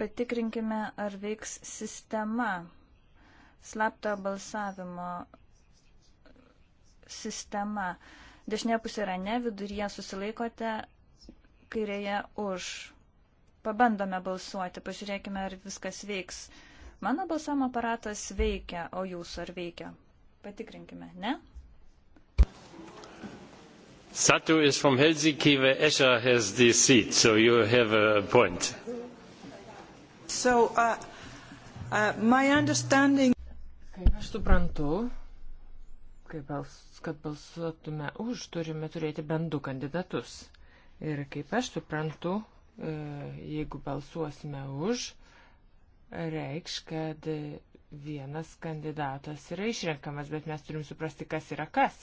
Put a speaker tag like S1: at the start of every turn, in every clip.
S1: patikrinkime, ar veiks sistema, slapto balsavimo sistema. Dešinė pusė yra ne, viduryje susilaikote, kairėje už. Pabandome balsuoti, pažiūrėkime, ar viskas veiks. Mano balsavimo aparatas veikia, o jūsų ar veikia? Patikrinkime, ne? Satu is from Helsinki, where Escher has the seat, so you have a point.
S2: So, uh, uh, my understanding...
S3: Kaip aš suprantu, kaip bals, kad balsuotume už, turime turėti bent du kandidatus. Ir kaip aš suprantu, e, jeigu balsuosime už, reikš, kad vienas kandidatas yra išrenkamas, bet mes turim suprasti, kas yra kas.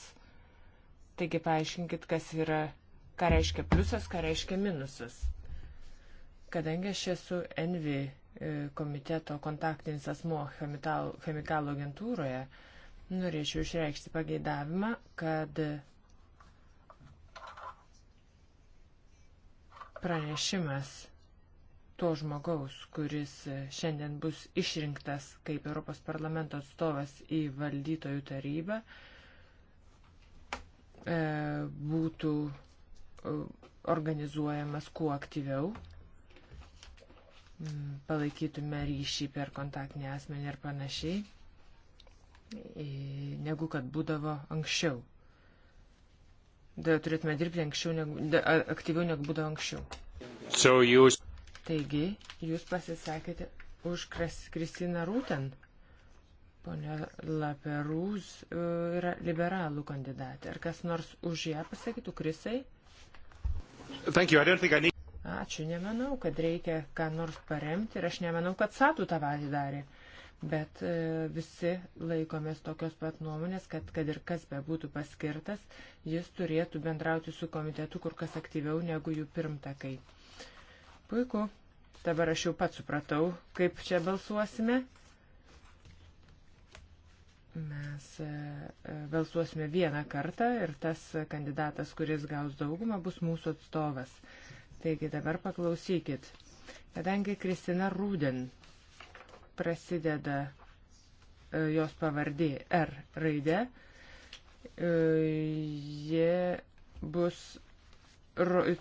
S3: Taigi paaiškinkit, kas yra, ką reiškia pliusas, ką reiškia minusas. Kadangi aš esu Envi e, komiteto kontaktinis asmo chemikalų agentūroje, norėčiau išreikšti pageidavimą, kad pranešimas to žmogaus, kuris šiandien bus išrinktas kaip Europos parlamento atstovas į valdytojų tarybą, e, būtų e, organizuojamas kuo aktyviau Mm, palaikytume ryšį per kontaktinį asmenį ir panašiai, negu kad būdavo anksčiau. Da, turėtume dirbti anksčiau negu, da, aktyviau negu būdavo anksčiau. So jūs... Taigi, jūs pasisakėte už Kristiną Rūten. Pone Laperūz e, yra liberalų kandidatė. Ar kas nors už ją pasakytų, Krisai?
S2: Thank you. I don't think I need...
S3: Ačiū, nemanau, kad reikia ką nors paremti ir aš nemanau, kad Satų tą patį darė. Bet e, visi laikomės tokios pat nuomonės, kad kad ir kas bebūtų paskirtas, jis turėtų bendrauti su komitetu kur kas aktyviau negu jų pirmtakai. Puiku, dabar aš jau pat supratau, kaip čia balsuosime. Mes e, e, balsuosime vieną kartą ir tas kandidatas, kuris gaus daugumą, bus mūsų atstovas. Taigi dabar paklausykit. Kadangi Kristina Rūden prasideda e, jos pavardė R raidė, e, jie bus,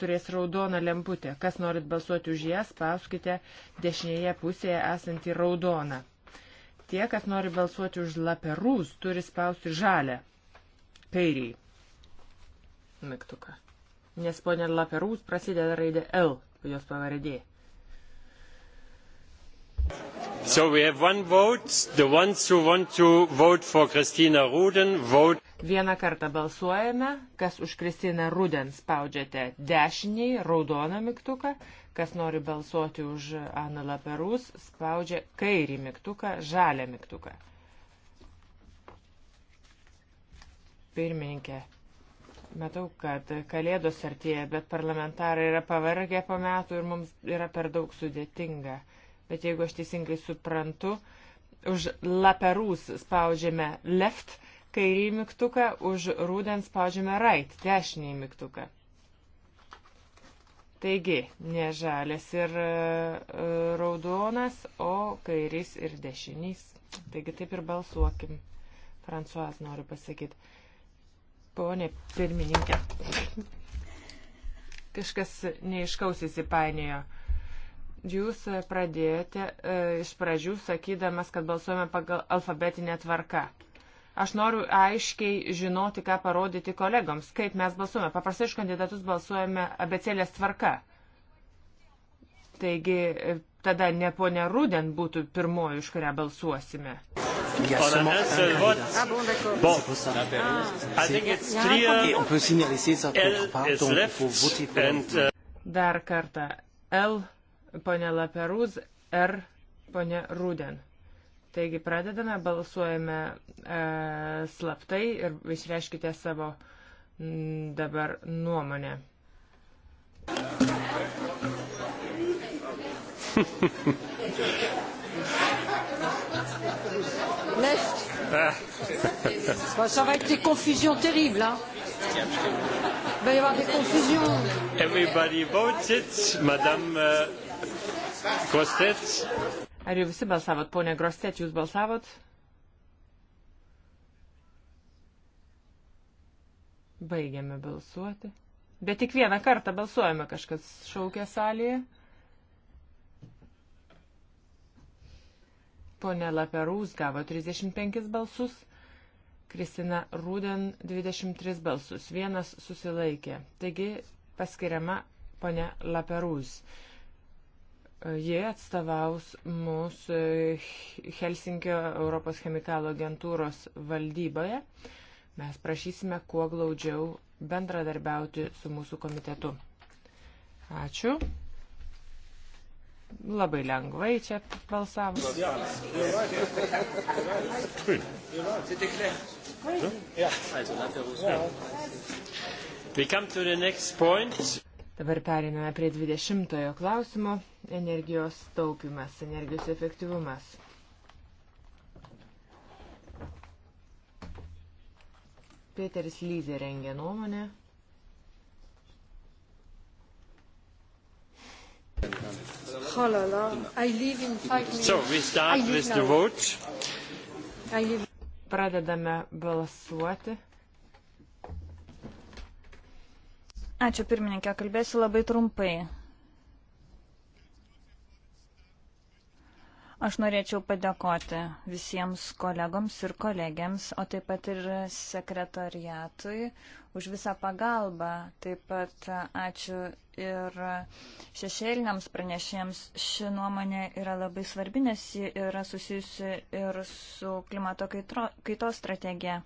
S3: turės raudoną lemputę. Kas norit balsuoti už ją, spauskite dešinėje pusėje esantį raudoną. Tie, kas nori balsuoti už laperūs, turi spausti žalę kairiai mygtuką nes ponė Laperūs prasideda raidė L, jos pavardė.
S2: So we have one vote. The ones who want to vote for Christina Ruden, vote.
S3: Vieną kartą balsuojame, kas už Kristiną Ruden spaudžiate dešiniai, raudoną mygtuką, kas nori balsuoti už Aną Laperus, spaudžia kairį mygtuką, žalią mygtuką. Pirmininkė, Matau, kad kalėdos artėja, bet parlamentarai yra pavargę po metų ir mums yra per daug sudėtinga. Bet jeigu aš teisingai suprantu, už laperus spaudžiame left kairį mygtuką, už rūden spaudžiame right dešinį mygtuką. Taigi, ne žalias ir e, e, raudonas, o kairys ir dešinys. Taigi taip ir balsuokim. Fransuas nori pasakyti. Pone pirmininkė. Kažkas neiškaus įsipainiojo. Jūs pradėjote e, iš pradžių sakydamas, kad balsuojame pagal alfabetinę tvarką. Aš noriu aiškiai žinoti, ką parodyti kolegoms, kaip mes balsuojame. Paprastai iš kandidatus balsuojame abecelės tvarka. Taigi e, tada ne ponia Ruden būtų pirmoji, už kurią balsuosime. Il y a on seulement a un seul un vote. Ah bon, d'accord. Bon,
S1: pour ça. Ah. ah I think it's clear. Et on peut signaler ça uh, quelque part, donc il faut voter pour and, uh...
S3: Dar kartą. L, ponia Laperuz, R, ponia Ruden. Taigi pradedame, balsuojame e, slaptai ir išreiškite savo m, mm, dabar nuomonę. Left. bon, ça va être des confusions terribles. Hein.
S2: Il
S3: va y avoir des confusions. Everybody voted,
S2: Madame uh, Grostet.
S3: Ar jau visi balsavot, ponė Grostet, jūs balsavot? Baigiame balsuoti. Bet tik vieną kartą balsuojame, kažkas šaukia salėje. Pone Laperūs gavo 35 balsus, Kristina Rūden 23 balsus, vienas susilaikė. Taigi paskiriama ponė Laperūs. Jie atstovaus mūsų e, Helsinkio Europos chemikalų agentūros valdyboje. Mes prašysime kuo glaudžiau bendradarbiauti su mūsų komitetu. Ačiū labai lengvai čia balsavo. Dabar periname prie 20 klausimo - energijos taupimas, energijos efektyvumas. Peteris Lyzė rengia nuomonę.
S2: Thank you. Oh la la,
S3: I leave in five minutes. So we start with now. the vote. I leave. Pradedame balsuoti.
S1: Ačiū pirmininkė, kalbėsiu labai trumpai. Aš norėčiau padėkoti visiems kolegoms ir kolegiams, o taip pat ir sekretariatui už visą pagalbą. Taip pat ačiū ir šešėliniams pranešėjams. Ši nuomonė yra labai svarbi, nes ji yra susijusi ir su klimato kaitro, kaitos strategija.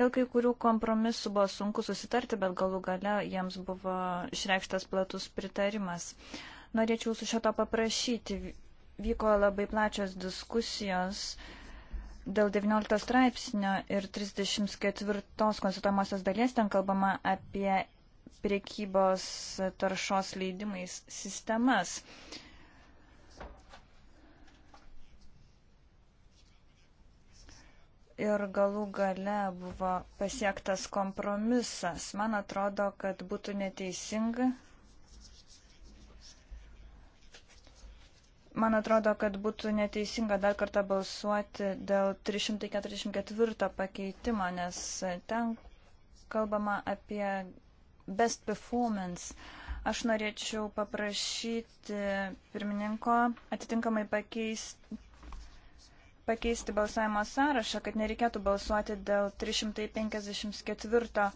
S1: Dėl kai kurių kompromisų buvo sunku susitarti, bet galų gale jiems buvo išreikštas platus pritarimas. Norėčiau su šito paprašyti vyko labai plačios diskusijos dėl 19 straipsnio ir 34 konsultuojamosios dalies ten kalbama apie priekybos taršos leidimais sistemas. ir galų gale buvo pasiektas kompromisas. Man atrodo, kad būtų neteisinga Man atrodo, kad būtų neteisinga dar kartą balsuoti dėl 344 pakeitimo, nes ten kalbama apie best performance. Aš norėčiau paprašyti pirmininko atitinkamai pakeisti, pakeisti balsavimo sąrašą, kad nereikėtų balsuoti dėl 354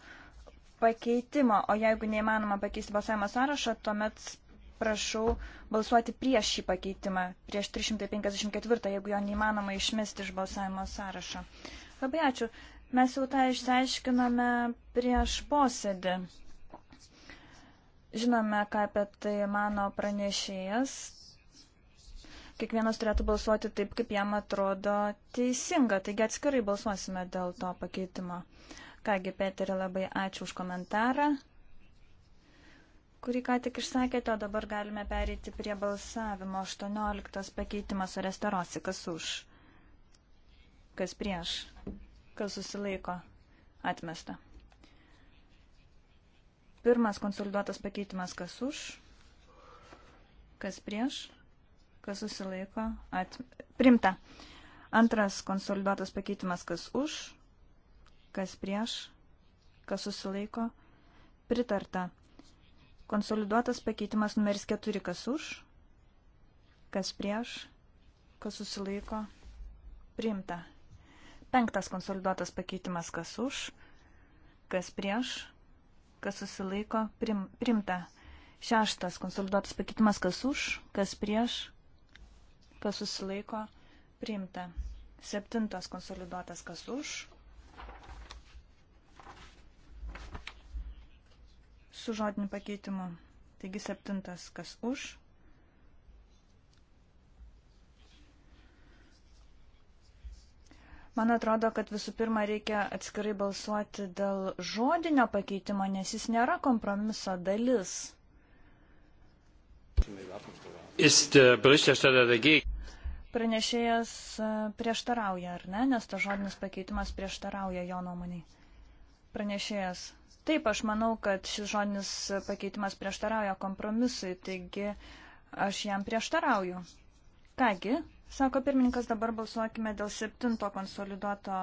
S1: pakeitimo, o jeigu neįmanoma pakeisti balsavimo sąrašą, tuomet prašau balsuoti prieš šį pakeitimą, prieš 354, jeigu jo neįmanoma išmesti iš balsavimo sąrašo. Labai ačiū. Mes jau tą išsiaiškinome prieš posėdį. Žinome, ką apie tai mano pranešėjas. Kiekvienas turėtų balsuoti taip, kaip jam atrodo teisinga. Taigi atskirai balsuosime dėl to pakeitimo. Kągi, Peterė, labai ačiū už komentarą kurį ką tik išsakėte, o dabar galime pereiti prie balsavimo. 18 pakeitimas oresterosi. Kas už? Kas prieš? Kas susilaiko? Atmesta. Pirmas konsoliduotas pakeitimas. Kas už? Kas prieš? Kas susilaiko? At... Primta. Antras konsoliduotas pakeitimas. Kas už? Kas prieš? Kas susilaiko? Pritarta. Konsoliduotas pakeitimas numeris 4, kas už, kas prieš, kas susilaiko, priimta. Penktas konsoliduotas pakeitimas, kas už, kas prieš, kas susilaiko, prim, primta. Šeštas konsoliduotas pakeitimas, kas už, kas prieš, kas susilaiko, priimta. Septintas konsoliduotas, kas už, su žodiniu pakeitimu. Taigi septintas, kas už. Man atrodo, kad visų pirma reikia atskirai balsuoti dėl žodinio pakeitimo, nes jis nėra kompromiso dalis. Äh, Pranešėjas äh, prieštarauja, ar ne? Nes to žodinis pakeitimas prieštarauja jo nuomonį. Pranešėjas Taip, aš manau, kad šis žodinis pakeitimas prieštarauja kompromisui, taigi aš jam prieštarauju. Kągi, sako pirmininkas, dabar balsuokime dėl septinto konsoliduoto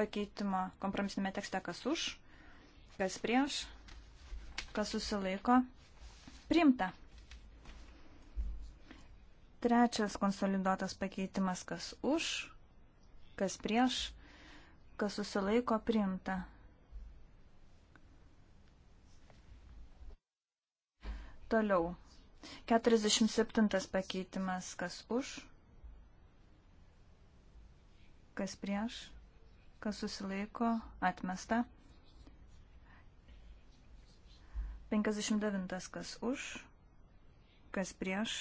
S1: pakeitimo kompromisinėme tekste, kas už, kas prieš, kas susilaiko. Priimta. Trečias konsoliduotas pakeitimas, kas už, kas prieš, kas susilaiko, priimta. Toliau. 47 pakeitimas, kas už, kas prieš, kas susilaiko, atmesta. 59 kas už, kas prieš,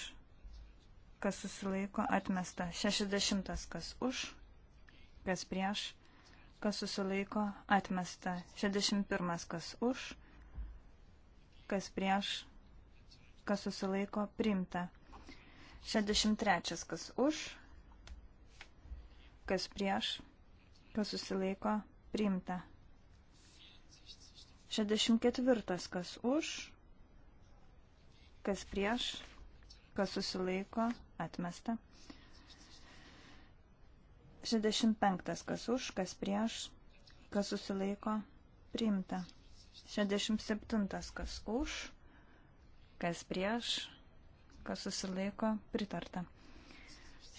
S1: kas susilaiko, atmesta. 60 kas už, kas prieš, kas susilaiko, atmesta. 61 kas už, kas prieš, kas susilaiko priimta. 63. Kas už, kas prieš, kas susilaiko priimta. 64. Kas už, kas prieš, kas susilaiko atmesta. 65. Kas už, kas prieš, kas susilaiko priimta. 67. Kas už, kas prieš, kas susilaiko, pritarta.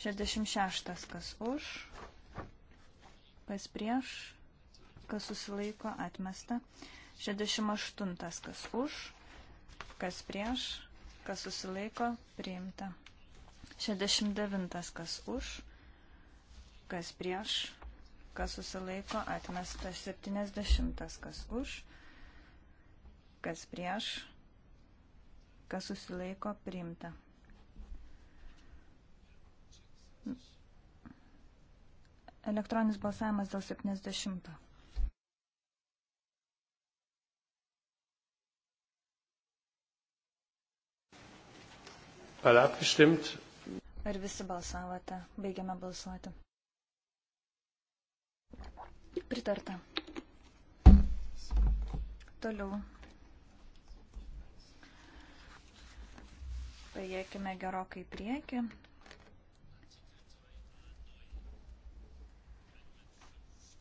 S1: 66, kas už, kas prieš, kas susilaiko, atmesta. 68, kas už, kas prieš, kas susilaiko, priimta. 69, kas už, kas prieš, kas susilaiko, atmesta. 70, kas už, kas prieš, kas susilaiko priimta. Elektroninis balsavimas dėl 70.
S3: Alle abgestimmt?
S1: Ar visi balsavote? Baigiame balsuoti. Pritarta. Toliau. Paėkime gerokai prieki.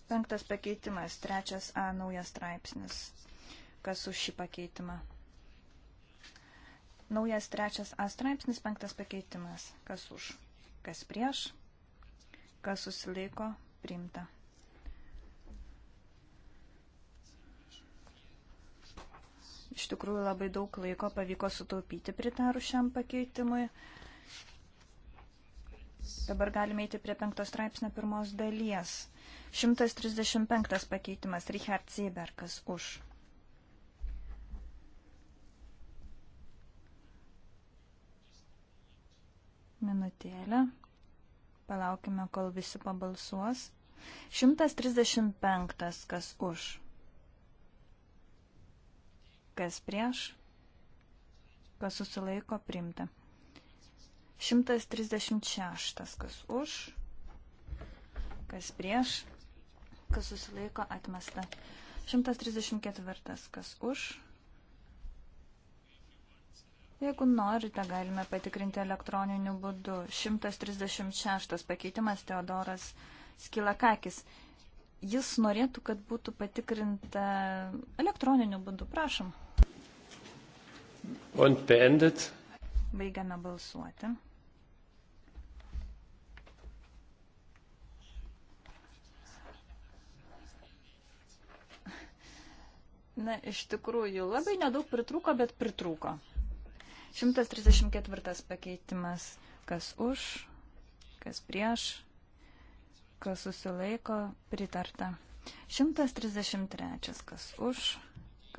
S1: Penktas pakeitimas, trečias A naujas straipsnis. Kas už šį pakeitimą? Naujas trečias A straipsnis, penktas pakeitimas. Kas už? Kas prieš? Kas susilaiko? Priimta. Iš tikrųjų labai daug laiko pavyko sutaupyti pritarų šiam pakeitimui. Dabar galime eiti prie penktos straipsnio pirmos dalies. 135 pakeitimas. Richard Sieberkas už. Minutėlę. Palaukime, kol visi pabalsuos. 135. Kas už? kas prieš, kas susilaiko priimta. 136, kas už, kas prieš, kas susilaiko atmesta. 134, kas už. Jeigu norite, galime patikrinti elektroniniu būdu. 136 pakeitimas Teodoras Skilakakis. Jis norėtų, kad būtų patikrinta elektroniniu būdu. Prašom.
S2: Und beendet.
S1: Baigiame balsuoti. Na, iš tikrųjų, labai nedaug pritruko, bet pritruko. 134 pakeitimas. Kas už, kas prieš, kas susilaiko, pritarta. 133. Kas už,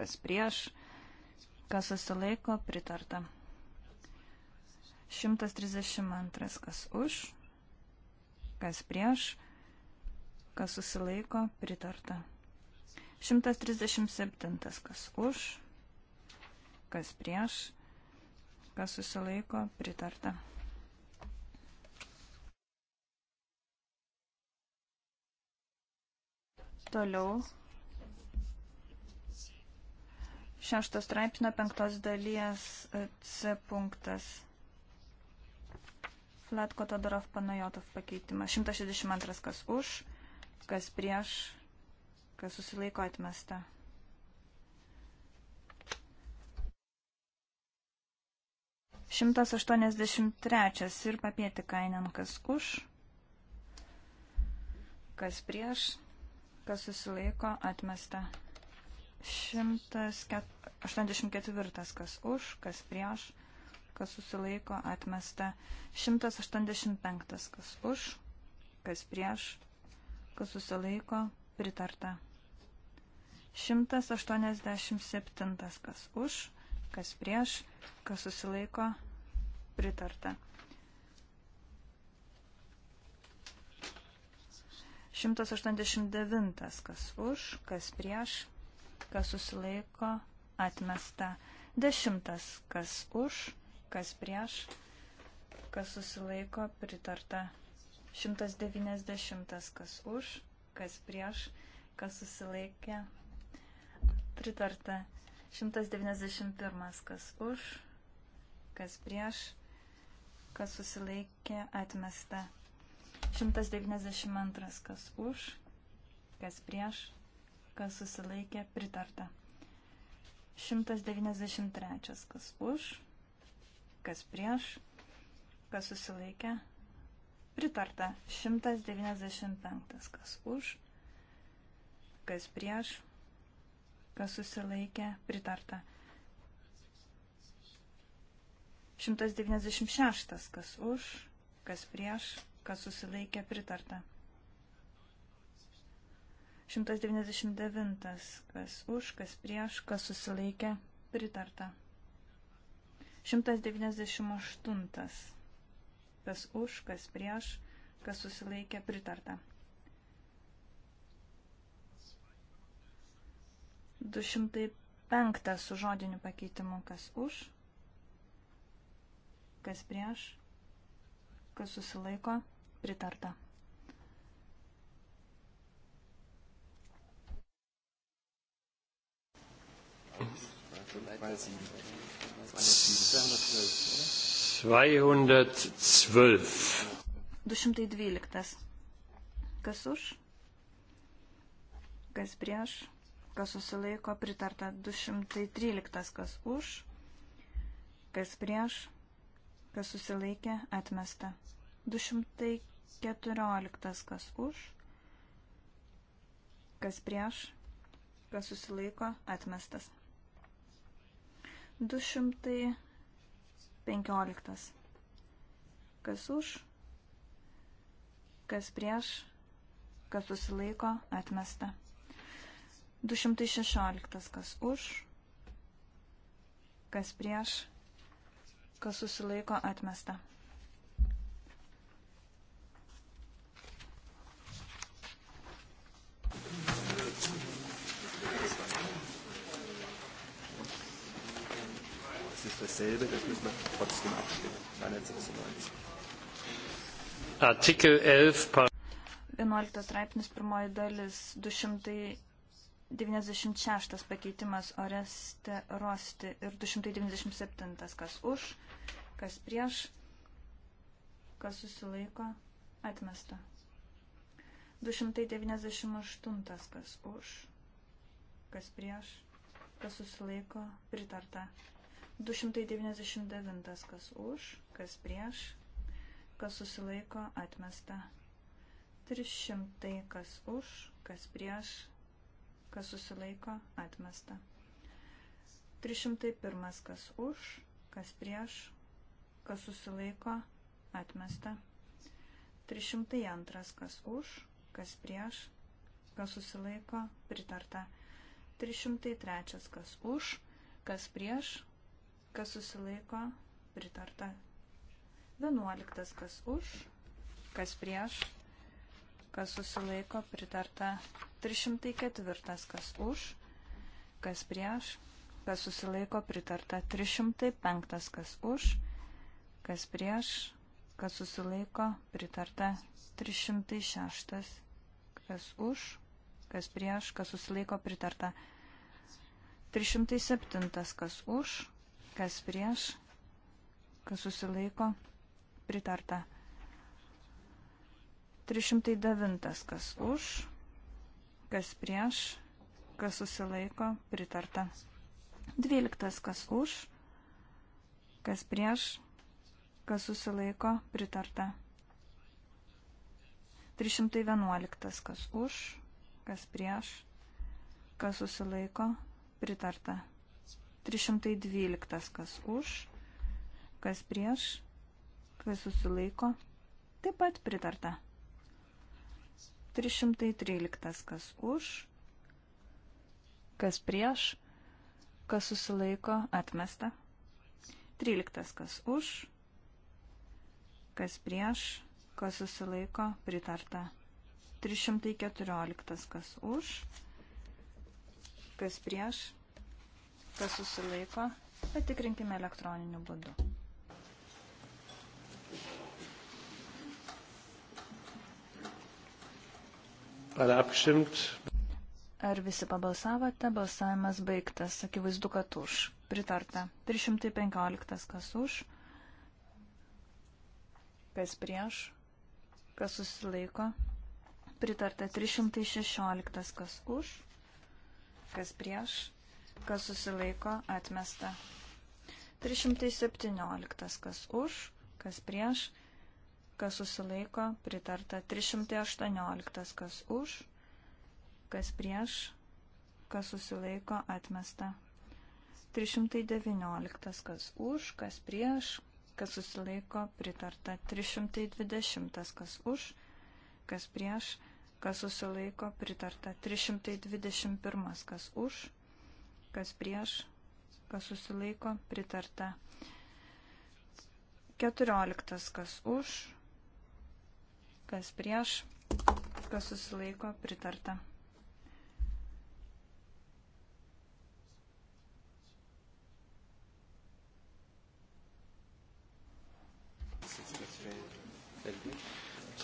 S1: kas prieš, Kas susilaiko, pritarta. 132. Kas už, kas prieš, kas susilaiko, pritarta. 137. Kas už, kas prieš, kas susilaiko, pritarta. Toliau šešto straipsnio penktos dalies e, C punktas. Latko Todorov Panajotov pakeitimas. 162 kas už, kas prieš, kas susilaiko atmesta. Šimtas aštuoniasdešimt trečias ir papėti kainen, kas už, kas prieš, kas susilaiko atmesta. 184. Kas už, kas prieš, kas susilaiko, atmesta. 185. Kas už, kas prieš, kas susilaiko, pritarta. 187. Kas už, kas prieš, kas susilaiko, pritarta. 189. Kas už, kas prieš, kas susilaiko, atmesta. Dešimtas, kas už, kas prieš, kas susilaiko, pritarta. 190, kas už, kas prieš, kas susilaikė, pritarta. 191, kas už, kas prieš, kas susilaikė, atmesta. 192, kas už, kas prieš, kas susilaikė, pritarta. 193, kas už, kas prieš, kas susilaikė, pritarta. 195, kas už, kas prieš, kas susilaikė, pritarta. 196, kas už, kas prieš, kas susilaikė, pritarta. 199. Kas už, kas prieš, kas susilaikė, pritarta. 198. Kas už, kas prieš, kas susilaikė, pritarta. 205 su žodiniu pakeitimu. Kas už, kas prieš, kas susilaiko, pritarta.
S2: 212.
S1: 212. Kas už? Kas prieš? Kas susilaiko? Pritarta. 213. Kas už? Kas prieš? Kas susilaikė? Atmesta. 214. Kas už? Kas prieš? Kas susilaiko? Atmestas. 215. Kas už, kas prieš, kas susilaiko, atmesta. 216. Kas už, kas prieš, kas susilaiko, atmesta.
S3: ist dasselbe, das müssen wir trotzdem abstimmen.
S2: 296. Artikel 11.
S1: 11 straipsnis pirmoji dalis 296 pakeitimas Oreste Rosti ir 297 kas už, kas prieš, kas susilaiko, atmesta. 298 kas už, kas prieš, kas susilaiko, pritarta. 299 kas už, kas prieš, kas susilaiko atmesta. 300 kas už, kas prieš, kas susilaiko atmesta. 301 kas už, kas prieš, kas susilaiko atmesta. 302 kas už, kas prieš, kas susilaiko pritarta. 303 kas už, kas prieš, kas susilaiko, pritarta. 11. Kas už, kas prieš, kas susilaiko, pritarta. 304. Kas už, kas prieš, kas susilaiko, pritarta. 305. Kas už, kas prieš, kas susilaiko, pritarta. 306. Kas už, kas prieš, kas susilaiko, pritarta. 307. Kas už, kas prieš, kas susilaiko, pritarta. 309, kas už, kas prieš, kas susilaiko, pritarta. 12, kas už, kas prieš, kas susilaiko, pritarta. 311, kas už, kas prieš, kas susilaiko, pritarta. 312 kas už, kas prieš, kas susilaiko, taip pat pritarta. 313 kas už, kas prieš, kas susilaiko, atmesta. 13 kas už, kas prieš, kas susilaiko, pritarta. 314 kas už, kas prieš, kas susilaiko, patikrinkime elektroniniu būdu. Ar visi pabalsavote? Balsavimas baigtas. Akivaizdu, kad už. Pritarta. 315 kas už. Kas prieš. Kas susilaiko. Pritarta. 316 kas už. Kas prieš kas susilaiko, atmesta. 317, kas už, kas prieš, kas susilaiko, pritarta. 318, kas už, kas prieš, kas susilaiko, atmesta. 319, kas už, kas prieš, kas susilaiko, pritarta. 320, kas už, kas prieš, kas susilaiko, pritarta. 321, kas už, kas prieš, kas susilaiko, pritarta. 14. Kas už, kas prieš, kas susilaiko, pritarta.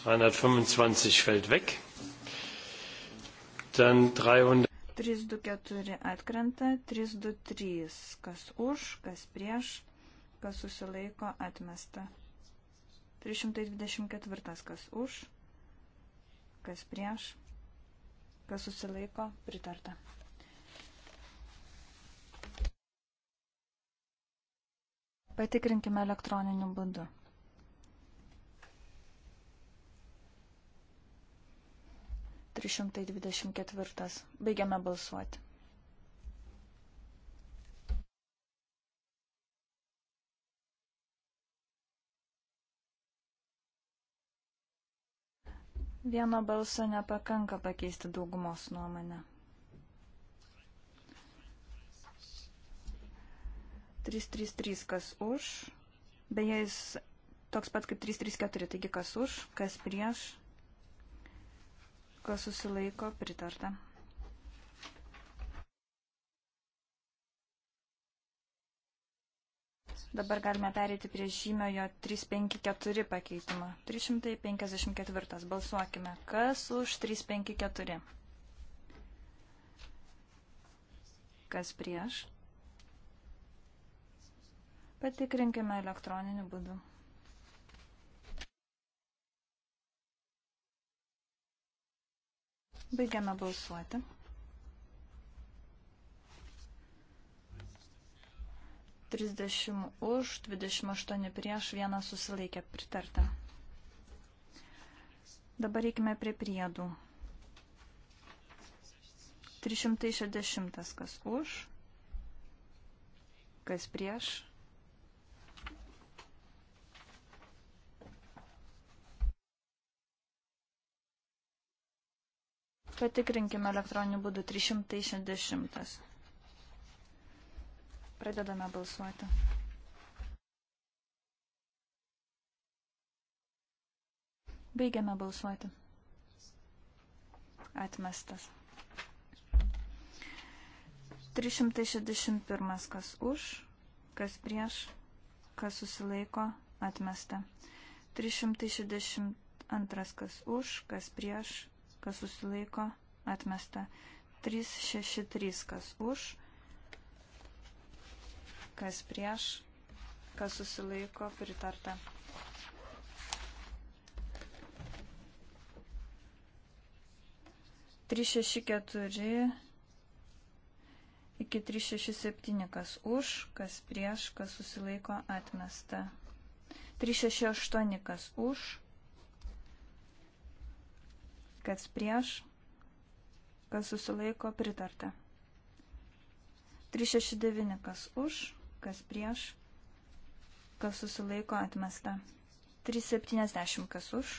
S1: dreihundertfünfundzwanzig fällt weg dann dreihundert 324 atkrenta, 323 kas už, kas prieš, kas susilaiko atmesta. 324 kas už, kas prieš, kas susilaiko pritarta. Patikrinkime elektroniniu būdu. 324. Baigiame balsuoti. Vieno balso nepakanka pakeisti daugumos nuomonę. 333 kas už. Beje, jis toks pat kaip 334, taigi kas už, kas prieš, kas susilaiko pritarta. Dabar galime pereiti prie žymiojo 354 pakeitimą. 354. Balsuokime. Kas už 354? Kas prieš? Patikrinkime elektroniniu būdu. Baigiame balsuoti. Trisdešimt už, dvidešimt aštuoni prieš, vieną susilaikė pritarta. Dabar reikime prie priedų. 360 kas už, kas prieš, Patikrinkime elektroniniu būdu 360. Pradedame balsuoti. Baigiame balsuoti. Atmestas. 361. Kas už, kas prieš, kas susilaiko, atmesta. 362. Kas už, kas prieš, kas susilaiko, atmesta. 363, kas už, kas prieš, kas susilaiko, pritarta. Trys šeši keturi iki 367, kas už, kas prieš, kas susilaiko atmesta. 368, kas už, kas prieš, kas susilaiko pritarta. 369 kas už, kas prieš, kas susilaiko atmesta. 370 kas už,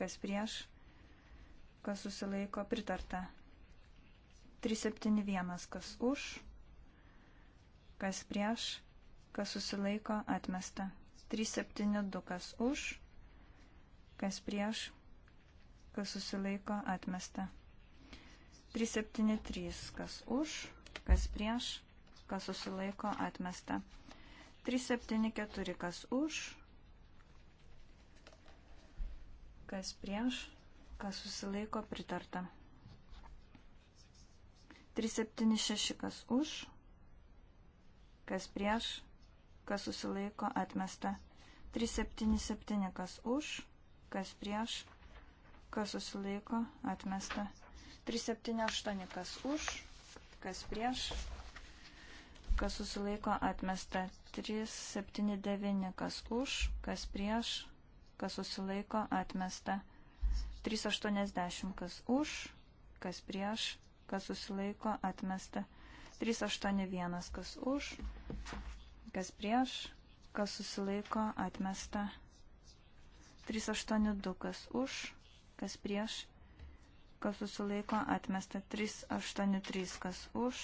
S1: kas prieš, kas susilaiko pritarta. 371 kas už, kas prieš, kas susilaiko atmesta. 372 kas už, kas prieš, kas susilaiko atmesta. 373, kas už, kas prieš, kas susilaiko atmesta. 374, kas už, kas prieš, kas susilaiko pritarta. 376, kas už, kas prieš, kas susilaiko atmesta. 377, kas už, kas prieš, kas susilaiko, atmesta. 378, kas už, kas prieš, kas susilaiko, atmesta. 379, kas už, kas prieš, kas susilaiko, atmesta. 380, kas už, kas prieš, kas susilaiko, atmesta. 381, kas už, kas prieš, kas susilaiko, atmesta. 382, kas už, kas prieš, kas susilaiko, atmesta 383, kas už,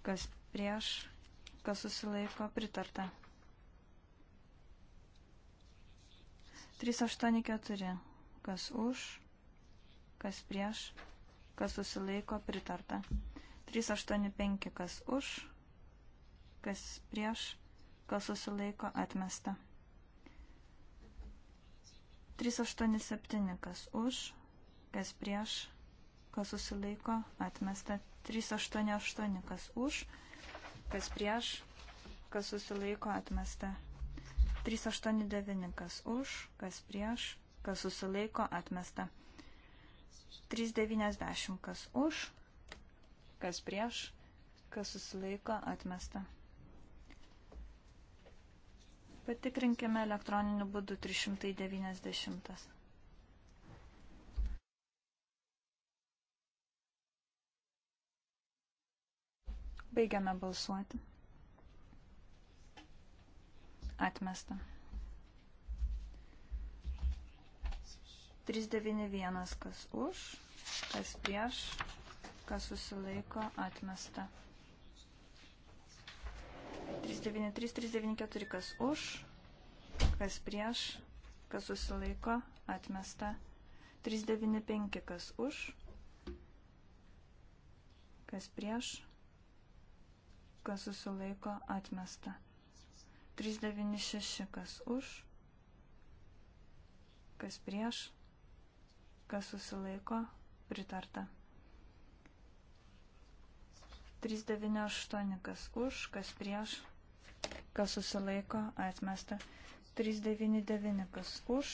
S1: kas prieš, kas susilaiko, pritarta. 384, kas už, kas prieš, kas susilaiko, pritarta. 385, kas už, kas prieš, kas susilaiko, atmesta. 387, kas už, kas prieš, kas susilaiko, atmesta. 388, kas už, kas prieš, kas susilaiko, atmesta. 389, kas už, kas prieš, kas susilaiko, atmesta. 390, kas už, kas prieš, kas susilaiko, atmesta. Patikrinkime elektroniniu būdu 390. Baigiame balsuoti. Atmesta. 391 kas už, kas prieš, kas susilaiko, atmesta. 393, 394, kas už, kas prieš, kas susilaiko, atmesta. 395, kas už, kas prieš, kas susilaiko, atmesta. 396, kas už, kas prieš, kas susilaiko, pritarta. 398, kas už, kas prieš, kas susilaiko atmesta. 399 kas už,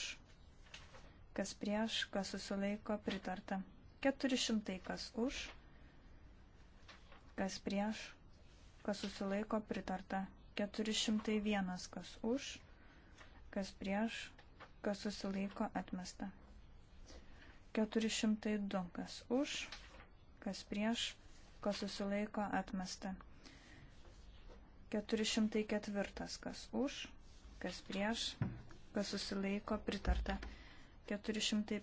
S1: kas prieš, kas susilaiko pritarta. 400 kas už, kas prieš, kas susilaiko pritarta. 401 kas už, kas prieš, kas susilaiko atmesta. 402 kas už, kas prieš, kas susilaiko atmesta. 404. Kas už, kas prieš, kas susilaiko, pritarta. 405.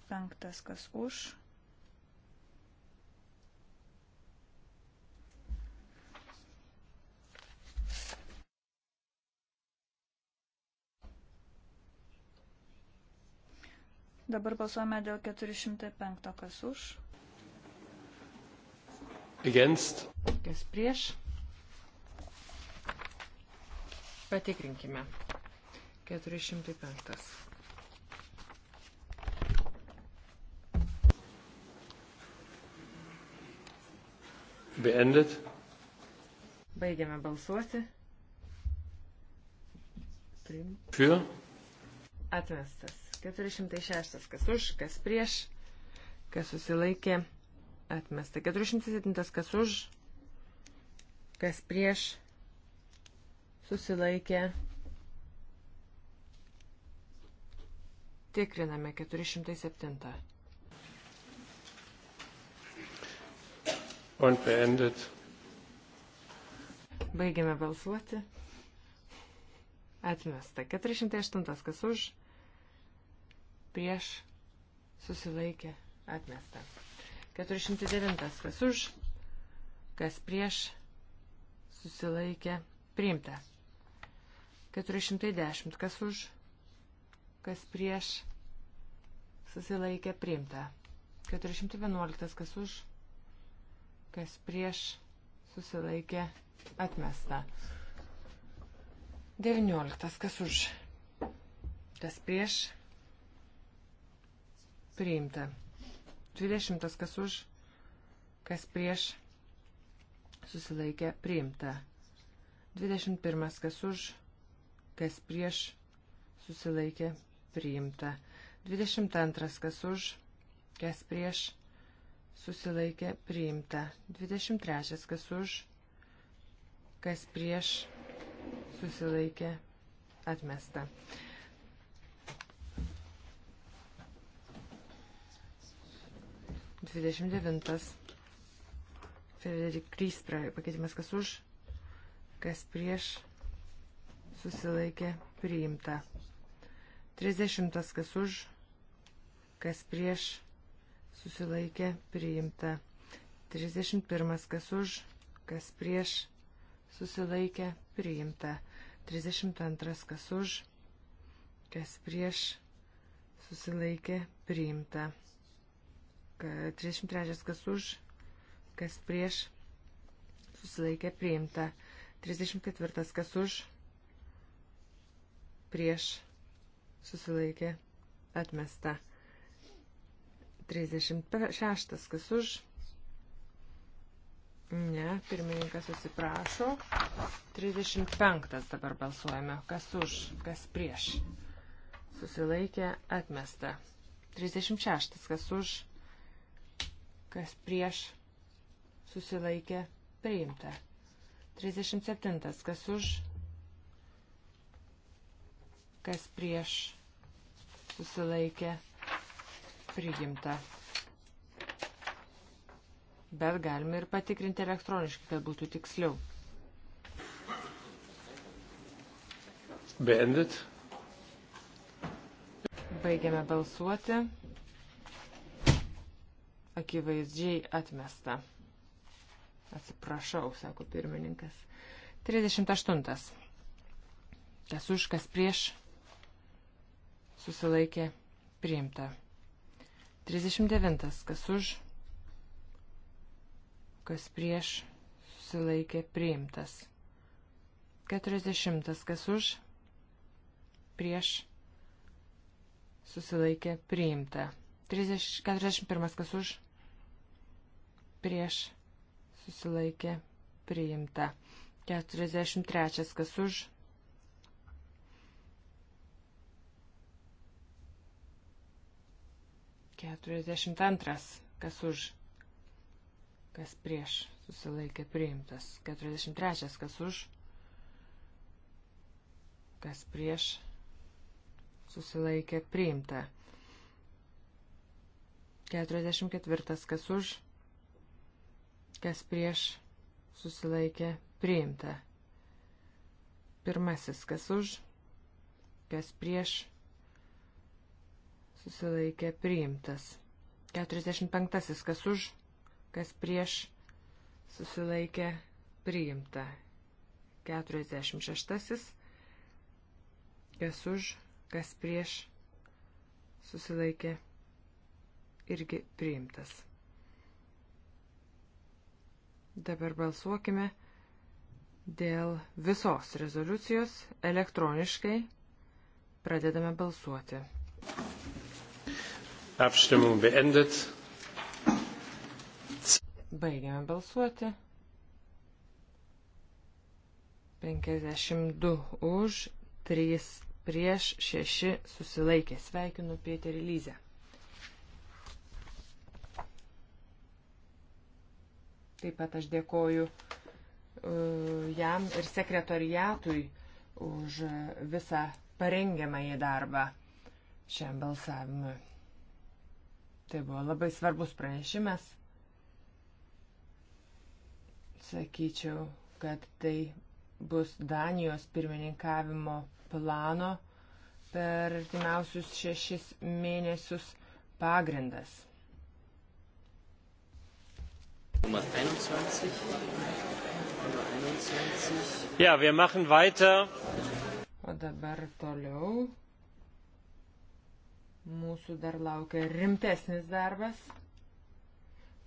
S1: Kas už. Dabar balsuojame dėl 405. Kas už.
S2: Against.
S3: Kas prieš. Patikrinkime. 405. Beendet. Baigiame balsuoti. Prim. Für. Atmestas. 406. Kas už, kas prieš, kas susilaikė. Atmesta. 407. Kas už, kas prieš, susilaikė. Tikriname 407.
S2: Und beendet.
S3: Baigiame balsuoti. Atmesta. 408. Kas už? Prieš. Susilaikė. Atmesta. 409. Kas už? Kas prieš? Susilaikė. Priimta. 410. Kas už, kas prieš, susilaikė priimta. 411. Kas už, kas prieš, susilaikė atmesta. 19. Kas už, kas prieš, priimta. 20. Kas už, kas prieš, susilaikė priimta. 21. Kas už, kas prieš susilaikė priimta. 22. kas už, kas prieš susilaikė priimta. 23. kas už, kas prieš susilaikė atmesta. Dvidešimt devintas. Frederik Krys pakeitimas kas už, kas prieš susilaikė priimta. 30 kas už, kas prieš susilaikė priimta. 31 kas už, kas prieš susilaikė priimta. 32 kas už, kas prieš susilaikė priimta. 33 kas už, kas prieš susilaikė priimta. 34 kas už, prieš susilaikė atmesta. 36. Kas už? Ne, pirmininkas susiprašo. 35. Dabar balsuojame. Kas už, kas prieš? Susilaikė atmesta. 36. Kas už, kas prieš? Susilaikė priimta. 37. Kas už, kas prieš susilaikė priimta. Bet galime ir patikrinti elektroniškai, kad būtų tiksliau. Beendet. Baigiame balsuoti. Akivaizdžiai atmesta. Atsiprašau, sako pirmininkas. 38. Kas už, kas prieš susilaikė priimta. 39. Kas už, kas prieš, susilaikė priimtas. 40. Kas už, prieš, susilaikė priimta. 30, 41. Kas už, prieš, susilaikė priimta. 43. Kas už, prieš 42. Kas už? Kas prieš? Susilaikė priimtas. 43. Kas už? Kas prieš? Susilaikė priimta. 44. Kas už? Kas prieš? Susilaikė priimta. Pirmasis. Kas už? Kas prieš? susilaikė priimtas. 45. Kas už, kas prieš, susilaikė priimta. 46. Kas už, kas prieš, susilaikė irgi priimtas. Dabar balsuokime dėl visos rezoliucijos elektroniškai. Pradedame balsuoti.
S2: Abstimmung beendet.
S3: Baigiame balsuoti. 52 už, 3 prieš, 6 susilaikė. Sveikinu Pieterį Lyzę. Taip pat aš dėkoju uh, jam ir sekretoriatui už visą parengiamąjį darbą šiam balsavimui. Tai buvo labai svarbus pranešimas. Sakyčiau, kad tai bus Danijos pirmininkavimo plano per artimiausius šešis mėnesius pagrindas. Ja, wir machen weiter. O dabar toliau Mūsų dar laukia rimtesnis darbas.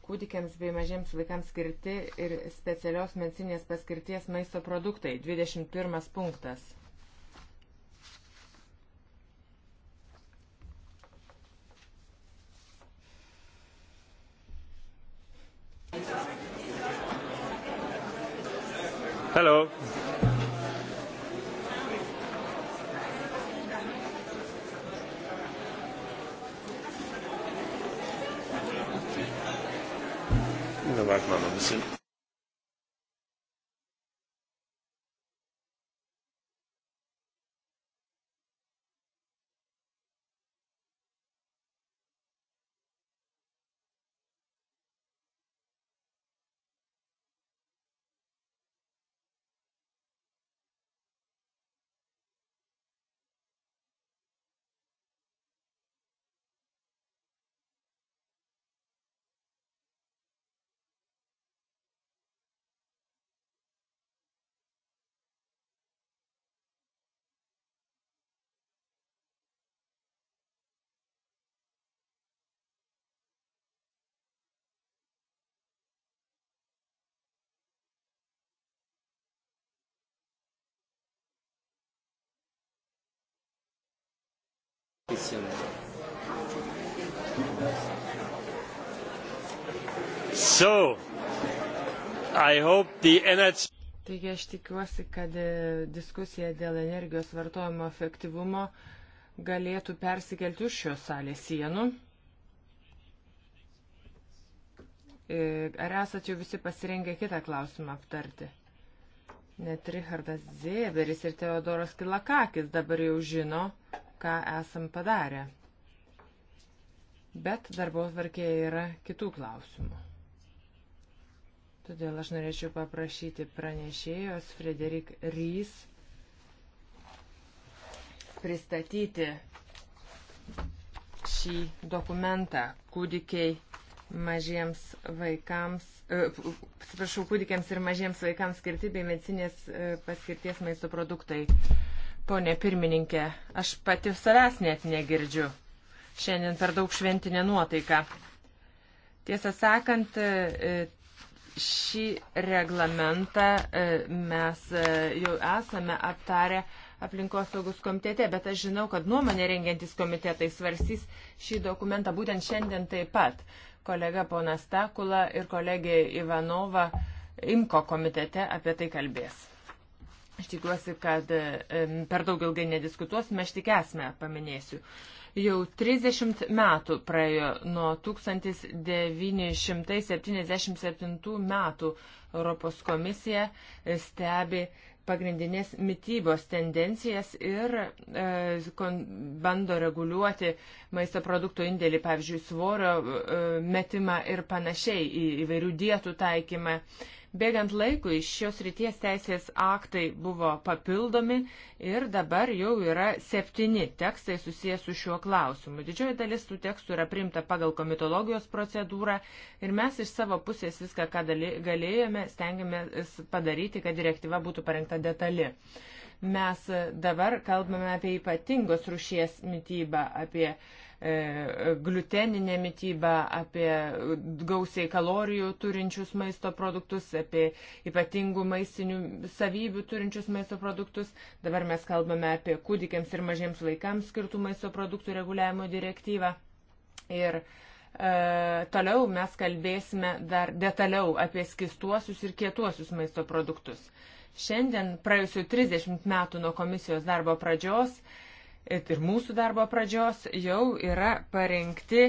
S3: Kūdikiams bei mažiems vaikams skirti ir specialios medicinės paskirties maisto produktai. 21 punktas. Hello.
S1: mano visi So, energy...
S3: Taigi aš tikiuosi, kad e, diskusija dėl energijos vartojimo efektyvumo galėtų persikelti už šios salės sienų. E, ar esat jau visi pasirengę kitą klausimą aptarti? Net Richardas Zėberis ir Teodoras Kilakakis dabar jau žino, ką esam padarę. Bet darbos varkėje yra kitų klausimų. Todėl aš norėčiau paprašyti pranešėjos Frederik Rys pristatyti šį dokumentą kūdikiai mažiems vaikams, e, atsiprašau, kūdikiams ir mažiems vaikams skirti bei medicinės e, paskirties maisto produktai. Pone pirmininkė, aš pati savęs net negirdžiu. Šiandien per daug šventinė nuotaika. Tiesą sakant, e, šį reglamentą e, mes e, jau esame aptarę aplinkosaugos komitete, bet aš žinau, kad nuomonė rengiantis komitetai svarstys šį dokumentą būtent šiandien taip pat. Kolega ponas Takula ir kolegė Ivanova Imko komitete apie tai kalbės. Aš tikiuosi, kad per daug ilgai nediskutuosime, aš tik esmę paminėsiu. Jau 30 metų praėjo nuo 1977 metų Europos komisija stebi pagrindinės mytybos tendencijas ir e, kon, bando reguliuoti maisto produktų indėlį, pavyzdžiui, svorio e, metimą ir panašiai į įvairių dietų taikymą. E, Bėgant laikui šios ryties teisės aktai buvo papildomi ir dabar jau yra septyni tekstai susijęs su šiuo klausimu. Didžioji dalis tų tekstų yra priimta pagal komitologijos procedūrą ir mes iš savo pusės viską, ką galėjome, stengiamės padaryti, kad direktyva būtų parengta detali mes dabar kalbame apie ypatingos rušies mytybą, apie E, gliuteninę mytybą, apie gausiai kalorijų turinčius maisto produktus, apie ypatingų maistinių savybių turinčius maisto produktus. Dabar mes kalbame apie kūdikiams ir mažiems vaikams skirtų maisto produktų reguliavimo direktyvą. Ir e, toliau mes kalbėsime dar detaliau apie skistuosius ir kietuosius maisto produktus. Šiandien, praėjusiu 30 metų nuo komisijos darbo pradžios, ir mūsų darbo pradžios jau yra parengti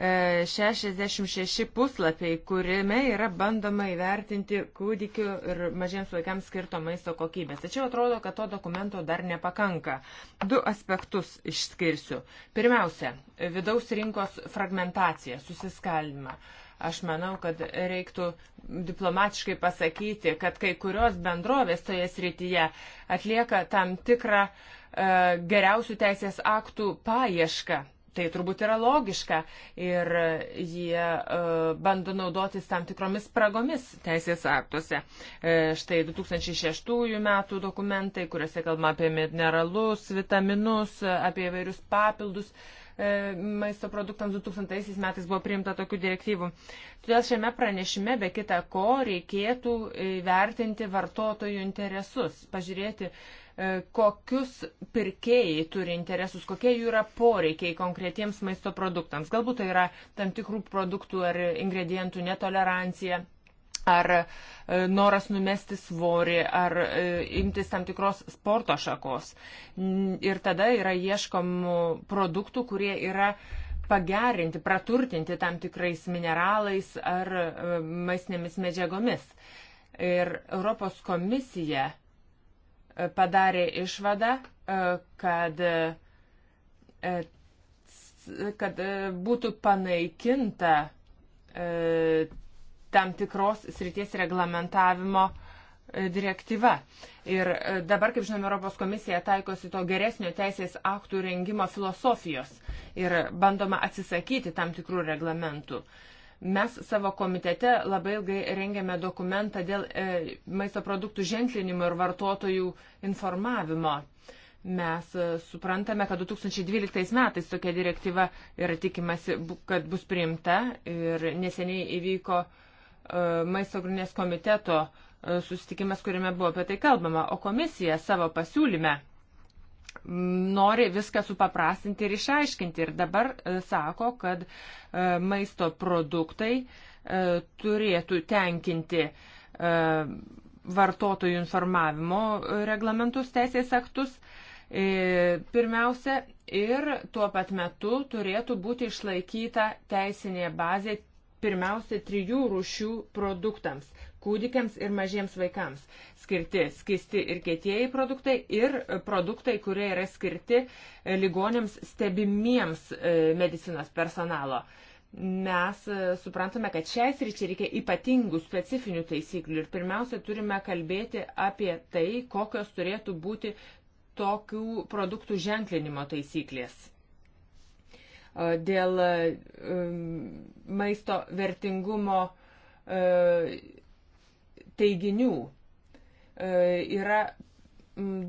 S3: 66 e, puslapiai, kuriame yra bandoma įvertinti kūdikių ir mažiems vaikams skirto maisto kokybę. Tačiau atrodo, kad to dokumento dar nepakanka. Du aspektus išskirsiu. Pirmiausia, vidaus rinkos fragmentacija, susiskaldimą aš manau, kad reiktų diplomatiškai pasakyti, kad kai kurios bendrovės toje srityje atlieka tam tikrą uh, E, geriausių teisės aktų paiešką. Tai turbūt yra logiška ir jie e, bando naudotis tam tikromis spragomis teisės aktuose. E, štai 2006 metų dokumentai, kuriuose kalbama apie mineralus, vitaminus, apie įvairius papildus maisto produktams 2000 metais buvo priimta tokių direktyvų. Todėl šiame pranešime be kita ko reikėtų vertinti vartotojų interesus, pažiūrėti, E, kokius pirkėjai turi interesus, kokie jų yra poreikiai konkretiems maisto produktams. Galbūt tai yra tam tikrų produktų ar ingredientų netolerancija, ar e, noras numesti svorį, ar e, imtis tam tikros sporto šakos. Ir tada yra ieškomų produktų, kurie yra pagerinti, praturtinti tam tikrais mineralais ar maisnėmis medžiagomis. Ir Europos komisija padarė išvadą, e, kad, e, kad e, būtų panaikinta tam tikros srities reglamentavimo direktyva. Ir dabar, kaip žinome, Europos komisija taikosi to geresnio teisės aktų rengimo filosofijos ir bandoma atsisakyti tam tikrų reglamentų. Uh, Mes savo komitete labai ilgai rengėme dokumentą dėl e, maisto produktų ženklinimo ir vartotojų informavimo. Mes e, suprantame, kad 2012 metais tokia direktyva yra tikimasi, kad bus priimta ir neseniai įvyko e, maisto grunės komiteto e, susitikimas, kuriame buvo apie tai kalbama, o komisija savo pasiūlyme nori viską supaprastinti ir išaiškinti. Ir dabar e, sako, kad e, maisto produktai e, turėtų tenkinti vartotojų informavimo reglamentus, teisės aktus pirmiausia ir tuo pat metu turėtų būti išlaikyta teisinė bazė pirmiausia trijų rūšių produktams kūdikiams ir mažiems vaikams skirti skisti ir kietieji produktai ir produktai, kurie yra skirti e, ligonėms stebimiems e, medicinos personalo. Mes e, suprantame, kad šiai sričiai reikia ypatingų specifinių taisyklių ir pirmiausia turime kalbėti apie tai, kokios turėtų būti tokių produktų ženklinimo taisyklės dėl maisto vertingumo teiginių e, yra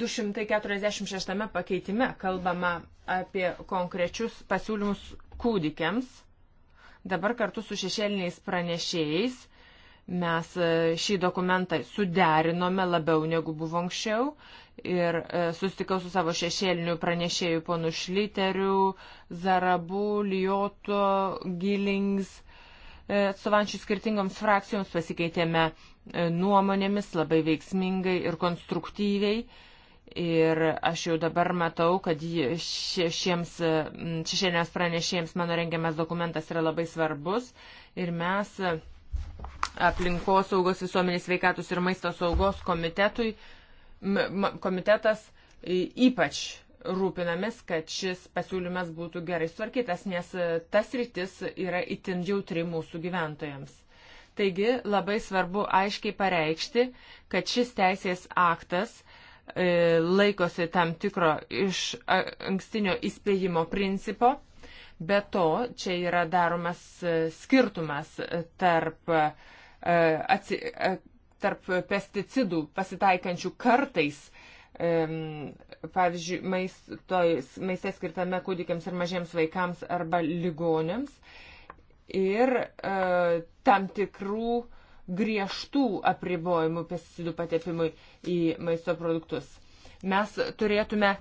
S3: 246 pakeitime kalbama apie konkrečius pasiūlymus kūdikiams. Dabar kartu su šešėliniais pranešėjais mes e, šį dokumentą suderinome labiau negu buvo anksčiau ir e, susitikau su savo šešėliniu pranešėju ponu Šliteriu, Zarabu, Lioto, Gilings E, atstovančių skirtingoms frakcijoms, pasikeitėme e, nuomonėmis labai veiksmingai ir konstruktyviai. Ir aš jau dabar matau, kad šiems e, šešėlės pranešėjams mano rengiamas dokumentas yra labai svarbus. Ir mes aplinkos saugos visuomenės veikatos ir maisto saugos komitetui, komitetas ypač rūpinamės, kad šis pasiūlymas būtų gerai sutvarkytas, nes tas rytis yra itin jautri mūsų gyventojams. Taigi labai svarbu aiškiai pareikšti, kad šis teisės aktas e, laikosi tam tikro iš ankstinio įspėjimo principo. Be to, čia yra daromas e, skirtumas tarp, e, atsi, e, tarp pesticidų pasitaikančių kartais pavyzdžiui, maisto, maiste skirtame kūdikiams ir mažiems vaikams arba ligonėms ir e, tam tikrų griežtų apribojimų pesticidų patepimui į maisto produktus. Mes turėtume e,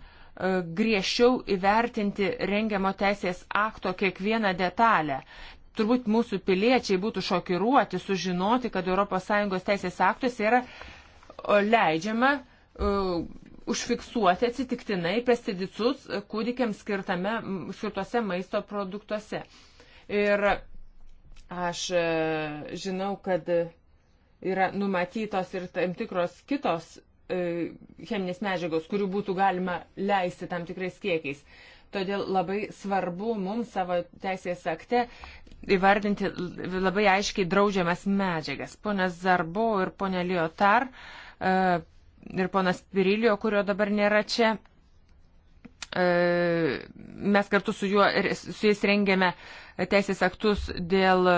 S3: griežčiau įvertinti rengiamo teisės akto kiekvieną detalę. Turbūt mūsų piliečiai būtų šokiruoti sužinoti, kad ES teisės aktuose yra leidžiama e, užfiksuoti atsitiktinai pesticidus kūdikiams skirtuose maisto produktuose. Ir aš e, žinau, kad yra numatytos ir tam tikros kitos e, cheminės medžiagos, kurių būtų galima leisti tam tikrais kiekiais. Todėl labai svarbu mums savo teisės akte įvardinti labai aiškiai draudžiamas medžiagas. Pone Zarbo ir pone Liotar e, ir ponas Pirilio, kurio dabar nėra čia. E, mes kartu su, juo, su jais rengėme teisės aktus dėl e,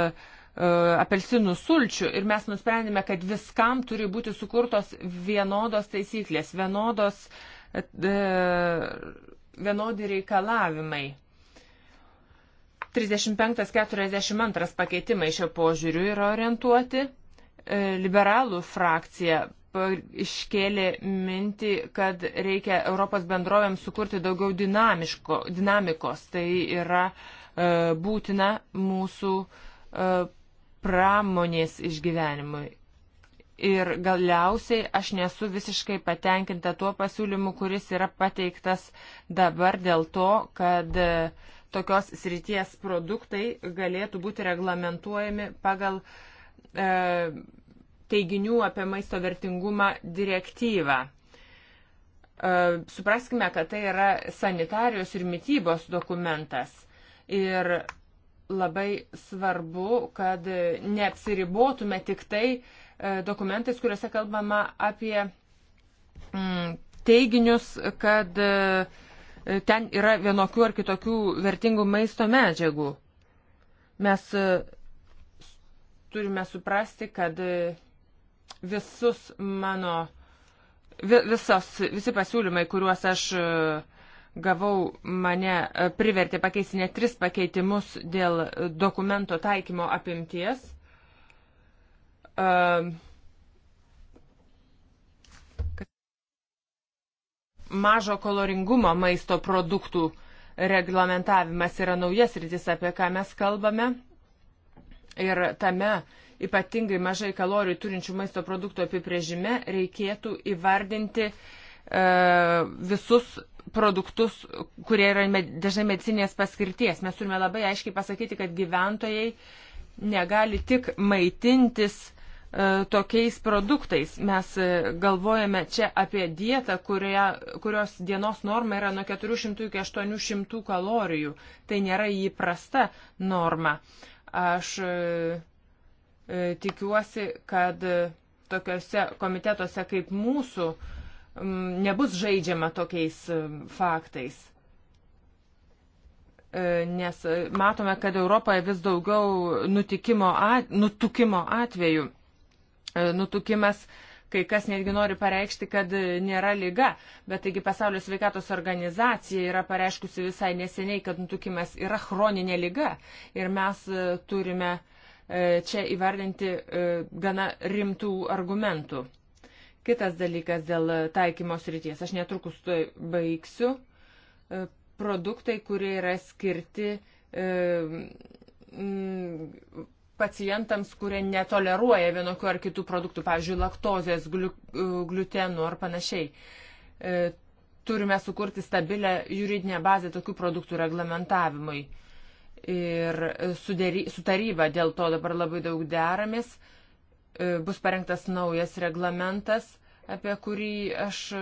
S3: apelsinų sulčių ir mes nusprendėme, kad viskam turi būti sukurtos vienodos taisyklės, vienodos, e, vienodi reikalavimai. 35-42 pakeitimai šio požiūriu yra orientuoti. Liberalų frakcija iškėlė mintį, kad reikia Europos bendrovėms sukurti daugiau dinamikos. Tai yra e, būtina mūsų e, pramonės išgyvenimui. Ir galiausiai aš nesu visiškai patenkinta tuo pasiūlymu, kuris yra pateiktas dabar dėl to, kad e, tokios srities produktai galėtų būti reglamentuojami pagal e, teiginių apie maisto vertingumą direktyvą. E, supraskime, kad tai yra sanitarijos ir mytybos dokumentas. Ir labai svarbu, kad neapsiribotume tik tai e, dokumentais, kuriuose kalbama apie mm, teiginius, kad e, ten yra vienokių ar kitokių vertingų maisto medžiagų. Mes turime suprasti, kad visus mano, visos, visi pasiūlymai, kuriuos aš e, gavau, mane e, privertė pakeisti net tris pakeitimus dėl dokumento taikymo apimties. E, mažo koloringumo maisto produktų reglamentavimas yra naujas rytis, apie ką mes kalbame. Ir tame uh, ypatingai mažai kalorijų turinčių maisto produktų apibrėžime reikėtų įvardinti e, visus produktus, kurie yra dažnai medicinės paskirties. Mes turime labai aiškiai pasakyti, kad gyventojai negali tik maitintis e, tokiais produktais. Mes e, galvojame čia apie dietą, kurie, kurios dienos norma yra nuo 400 iki 800 kalorijų. Tai nėra įprasta norma. Aš e, E, tikiuosi, kad tokiuose komitetuose kaip mūsų nebus žaidžiama tokiais e, faktais. E, nes matome, kad Europoje vis daugiau nutikimo, nutukimo atvejų. Nutukimas kai kas netgi nori pareikšti, kad nėra lyga, bet taigi pasaulio sveikatos organizacija yra pareiškusi visai neseniai, kad nutukimas yra chroninė lyga ir mes turime uh, E, čia įvardinti e, gana rimtų argumentų. Kitas dalykas dėl taikymo srities. Aš netrukus to baigsiu. E, produktai, kurie yra skirti pacientams, kurie netoleruoja vienokių ar kitų produktų, pavyzdžiui, laktozės, gliutenų ar panašiai. Turime sukurti stabilę juridinę bazę tokių produktų reglamentavimui ir su, dėry, su taryba dėl to dabar labai daug deramės. E, bus parengtas naujas reglamentas, apie kurį aš e,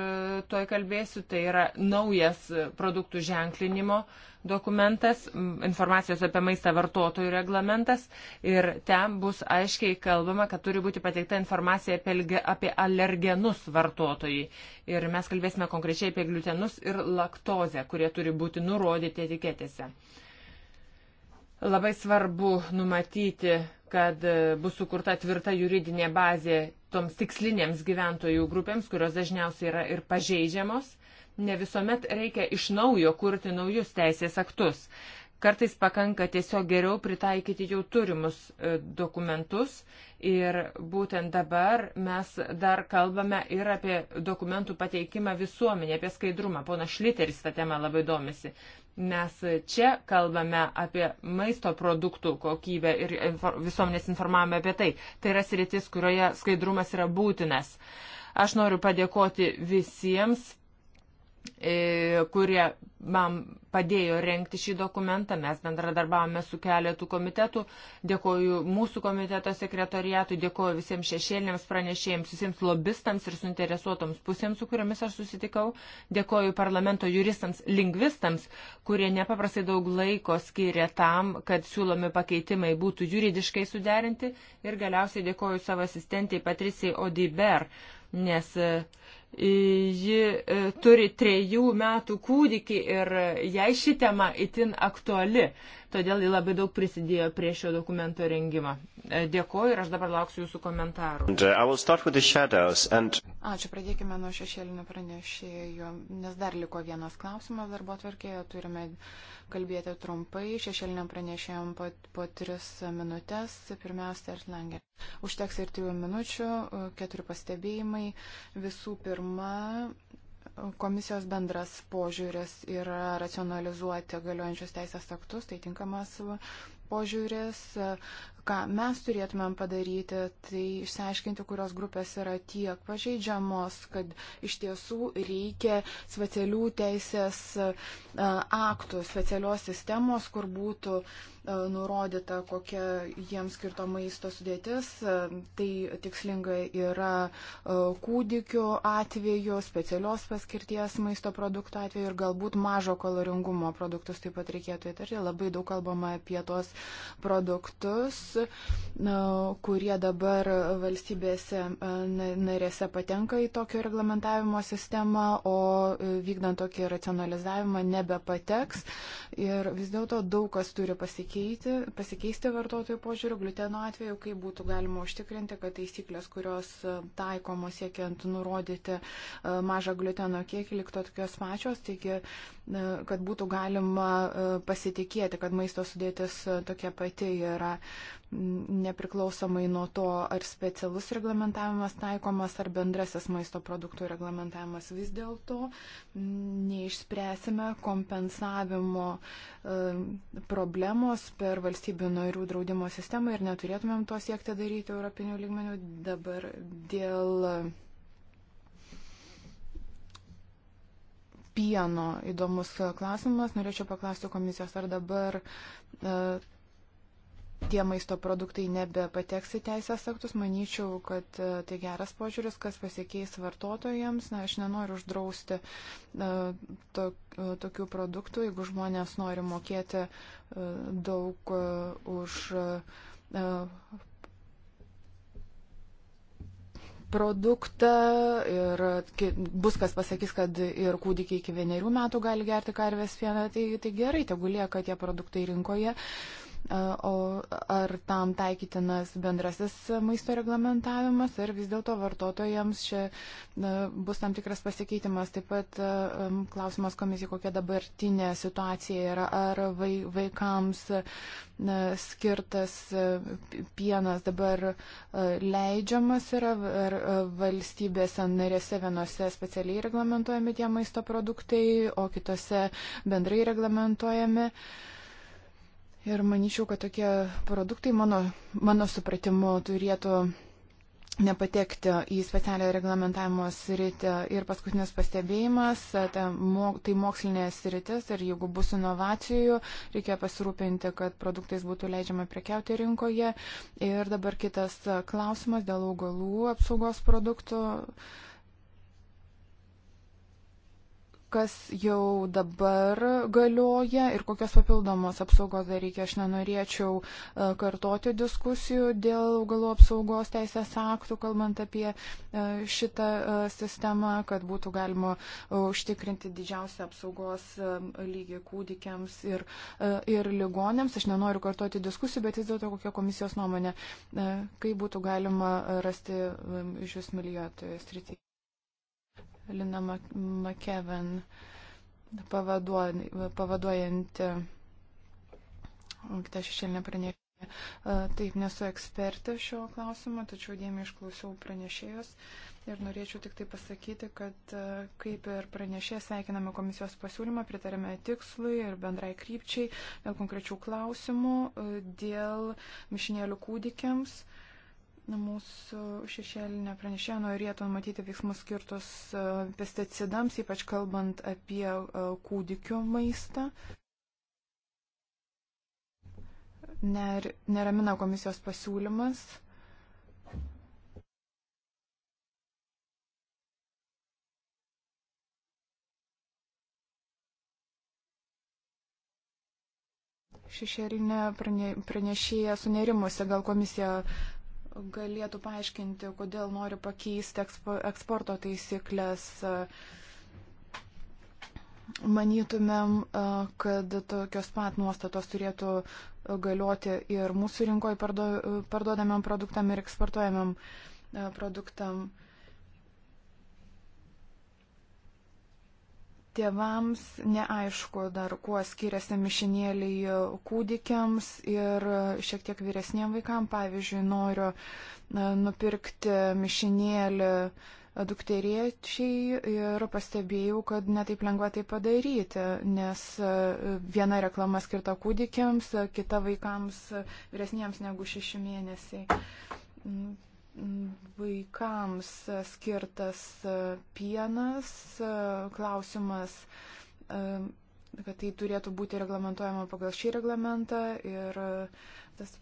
S3: toj kalbėsiu. Tai yra naujas e, produktų ženklinimo dokumentas, informacijos apie maistą vartotojų reglamentas. Ir ten bus aiškiai kalbama, kad turi būti pateikta informacija apie, apie alergenus vartotojai. Ir mes kalbėsime konkrečiai apie gliutenus ir laktozę, kurie turi būti nurodyti etiketėse. Uh, Labai svarbu numatyti, kad bus sukurta tvirta juridinė bazė toms tikslinėms gyventojų grupėms, kurios dažniausiai yra ir pažeidžiamos. Ne visuomet reikia iš naujo kurti naujus teisės aktus. Kartais pakanka tiesiog geriau pritaikyti jau turimus e, dokumentus ir būtent dabar mes dar kalbame ir apie dokumentų pateikimą visuomenė, apie skaidrumą. Pona Šliteris tą temą labai domisi. Mes čia kalbame apie maisto produktų kokybę ir infor visuomenės informavome apie tai. Tai yra sritis, kurioje skaidrumas yra būtinas. Aš noriu padėkoti visiems E, kurie man padėjo renkti šį dokumentą. Mes bendradarbavome su keletu komitetų. Dėkoju mūsų komiteto sekretoriatui, dėkoju visiems šešėlėms pranešėjams, visiems lobistams ir suinteresuotoms pusėms, su kuriamis aš susitikau. Dėkoju parlamento juristams, lingvistams, kurie nepaprastai daug laiko skiria tam, kad siūlomi pakeitimai būtų juridiškai suderinti. Ir galiausiai dėkoju savo asistentiai Patricijai Odiber, nes uh, ji e, turi trejų metų kūdikį ir jai ši tema itin aktuali todėl ji labai daug prisidėjo prie šio dokumento
S2: rengimo. E, dėkoju ir aš dabar lauksiu jūsų komentarų. And... Ačiū, pradėkime nuo šešėlinio pranešėjo, nes dar liko vienas klausimas darbo atvarkėje, turime kalbėti trumpai, šešėliniam pranešėjom po, po tris minutės, pirmiausia, Ertlangė. Užteks ir trijų minučių, keturi pastebėjimai. Visų pirma, komisijos bendras požiūris yra racionalizuoti galiojančius teisės aktus, tai tinkamas požiūris, ką mes turėtumėm padaryti, tai išsiaiškinti, kurios grupės yra tiek pažeidžiamos, kad iš tiesų reikia specialių teisės aktų, specialios sistemos, kur būtų uh, E, nurodyta, kokia jiems skirto maisto sudėtis. E, tai tikslingai yra e, kūdikių atveju, specialios paskirties maisto produktų atveju ir galbūt mažo kaloringumo produktus taip pat reikėtų įtarti. Labai daug kalbama apie tos produktus, kurie dabar valstybėse narėse patenka į tokio reglamentavimo sistemą, o vykdant tokį racionalizavimą nebepateks. Ir vis dėlto daug kas turi pasikeiti pasikeiti, pasikeisti vartotojų požiūrių gluteno atveju, kaip būtų galima užtikrinti, kad taisyklės, kurios e, taikomos siekiant nurodyti e, mažą gluteno kiekį, liktų tokios pačios, taigi, e, kad būtų galima pasitikėti, kad maisto sudėtis tokia pati yra nepriklausomai nuo to, ar specialus reglamentavimas taikomas, ar bendrasis maisto produktų reglamentavimas vis dėlto neišspręsime kompensavimo e, problemos per valstybių narių draudimo sistemą ir neturėtumėm to siekti daryti europinių lygmenių dabar dėl pieno įdomus klausimas. Norėčiau paklausti komisijos, ar dabar e, tie maisto produktai nebepateks į teisės aktus, manyčiau, kad e, tai geras požiūris, kas pasikeis vartotojams. Na, aš nenoriu uždrausti e, to, e, tokių produktų, jeigu žmonės nori mokėti daug už produktą ir bus kas pasakys, kad ir kūdikiai iki vienerių metų gali gerti karvės pieną, tai, tai gerai, tegu lieka tie produktai rinkoje. Uh, o ar tam taikytinas bendrasis maisto reglamentavimas, ar vis dėlto vartotojams čia bus tam tikras pasikeitimas. Taip pat klausimas komisijai, kokia dabartinė situacija yra, ar vaikams skirtas pienas dabar leidžiamas yra, ar valstybėse narėse vienose specialiai reglamentuojami tie maisto produktai, o kitose bendrai reglamentuojami. Uh, Ir manyčiau, kad tokie produktai mano, mano supratimu turėtų nepatekti į specialią reglamentavimo sritį. Ir paskutinis pastebėjimas, tai mokslinė sritis ir jeigu bus inovacijų, reikia pasirūpinti, kad produktais būtų leidžiama prekiauti rinkoje. Ir dabar kitas klausimas dėl augalų apsaugos produktų. Uh, kas jau dabar galioja ir kokios papildomos apsaugos dar reikia. Aš nenorėčiau e, kartoti diskusijų dėl augalų apsaugos teisės aktų, kalbant apie e, šitą e, sistemą, kad būtų galima užtikrinti didžiausią apsaugos lygį kūdikiams ir, ir ligonėms. Aš nenoriu kartoti diskusijų, bet vis dėlto kokia komisijos nuomonė, kaip būtų galima rasti iš jūs milijotoje srityje. Lina McKevin, pavaduojanti kitą šešėlinę pranešėją. Taip, nesu ekspertė šio klausimo, tačiau dėmesį išklausiau pranešėjus ir norėčiau tik tai pasakyti, kad kaip ir pranešė, sveikiname komisijos pasiūlymą, pritarėme tikslui ir bendrai krypčiai dėl konkrečių klausimų, dėl mišinėlių kūdikiams. Uh, Mūsų šešėlinė pranešė norėtų matyti veiksmus skirtus e, pesticidams, ypač kalbant apie e, kūdikio maistą. Ner, neramina komisijos pasiūlymas. šešėlinė pranešėja sunerimusi, gal komisija galėtų paaiškinti, kodėl nori pakeisti eksporto taisyklės. Manytumėm, kad tokios pat nuostatos turėtų galioti ir mūsų rinkoje parduodamiam produktam ir eksportuojamiam produktam. Uh, Tėvams neaišku dar, kuo skiriasi mišinėliai kūdikiams ir šiek tiek vyresniem vaikam. Pavyzdžiui, noriu nupirkti mišinėlį dukteriečiai ir pastebėjau, kad netaip lengva tai padaryti, nes viena reklama skirta kūdikiams, kita vaikams vyresniems negu šeši mėnesiai vaikams skirtas pienas, klausimas, e, kad tai turėtų būti reglamentojama pagal šį reglamentą ir e, tas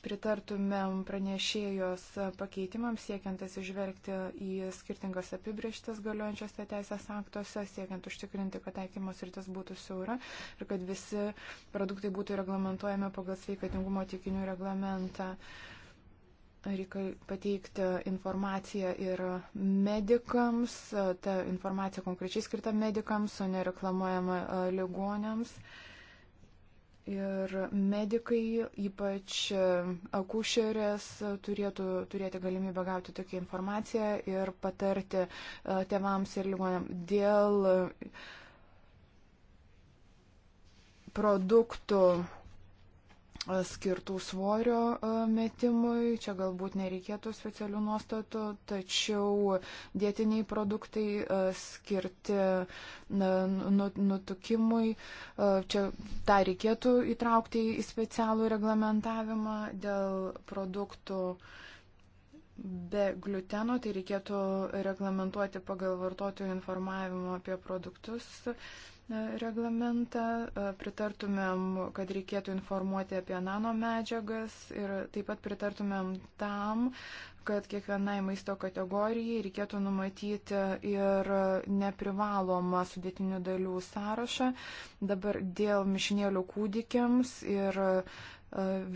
S2: pritartumėm pranešėjos pakeitimams, siekiant atsižvelgti į skirtingas apibrieštas galiojančios teisės aktuose, siekiant užtikrinti, kad taikymos rytis būtų siaura ir kad visi produktai būtų reglamentojami pagal sveikatingumo teikinių reglamentą. Uh, reikia pateikti informaciją ir medikams, ta informacija konkrečiai skirta medikams, o nereklamuojama ligonėms. Ir medikai, ypač akušerės, turėtų turėti galimybę gauti tokią informaciją ir patarti tėvams ir ligonėm dėl produktų skirtų svorio metimui, čia galbūt nereikėtų specialių nuostatų, tačiau dietiniai produktai skirti nu, nu, nutukimui, čia tą reikėtų įtraukti į specialų reglamentavimą dėl produktų. Be gluteno tai reikėtų reglamentuoti pagal vartotojų informavimo apie produktus uh, reglamentą, pritartumėm, kad reikėtų informuoti apie nanomedžiagas ir taip pat pritartumėm tam, kad kiekvienai maisto kategorijai reikėtų numatyti ir neprivalomą sudėtinių dalių sąrašą. Dabar dėl mišinėlių kūdikiams ir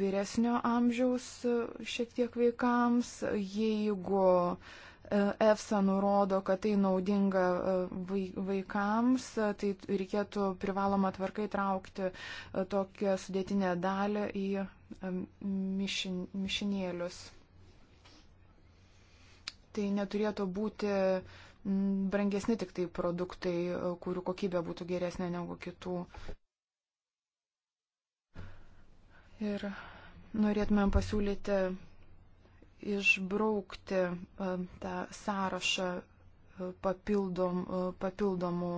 S2: vyresnio amžiaus šiek tiek vaikams, jeigu uh, E, EFSA nurodo, kad tai naudinga e, vaikams, e, tai reikėtų privaloma tvarka įtraukti tokią sudėtinę dalį į mišin, mišinėlius. Tai neturėtų būti brangesni tik tai produktai, kurių kokybė būtų geresnė negu kitų. Ir norėtumėm pasiūlyti išbraukti e, tą sąrašą e, papildom, e, papildomų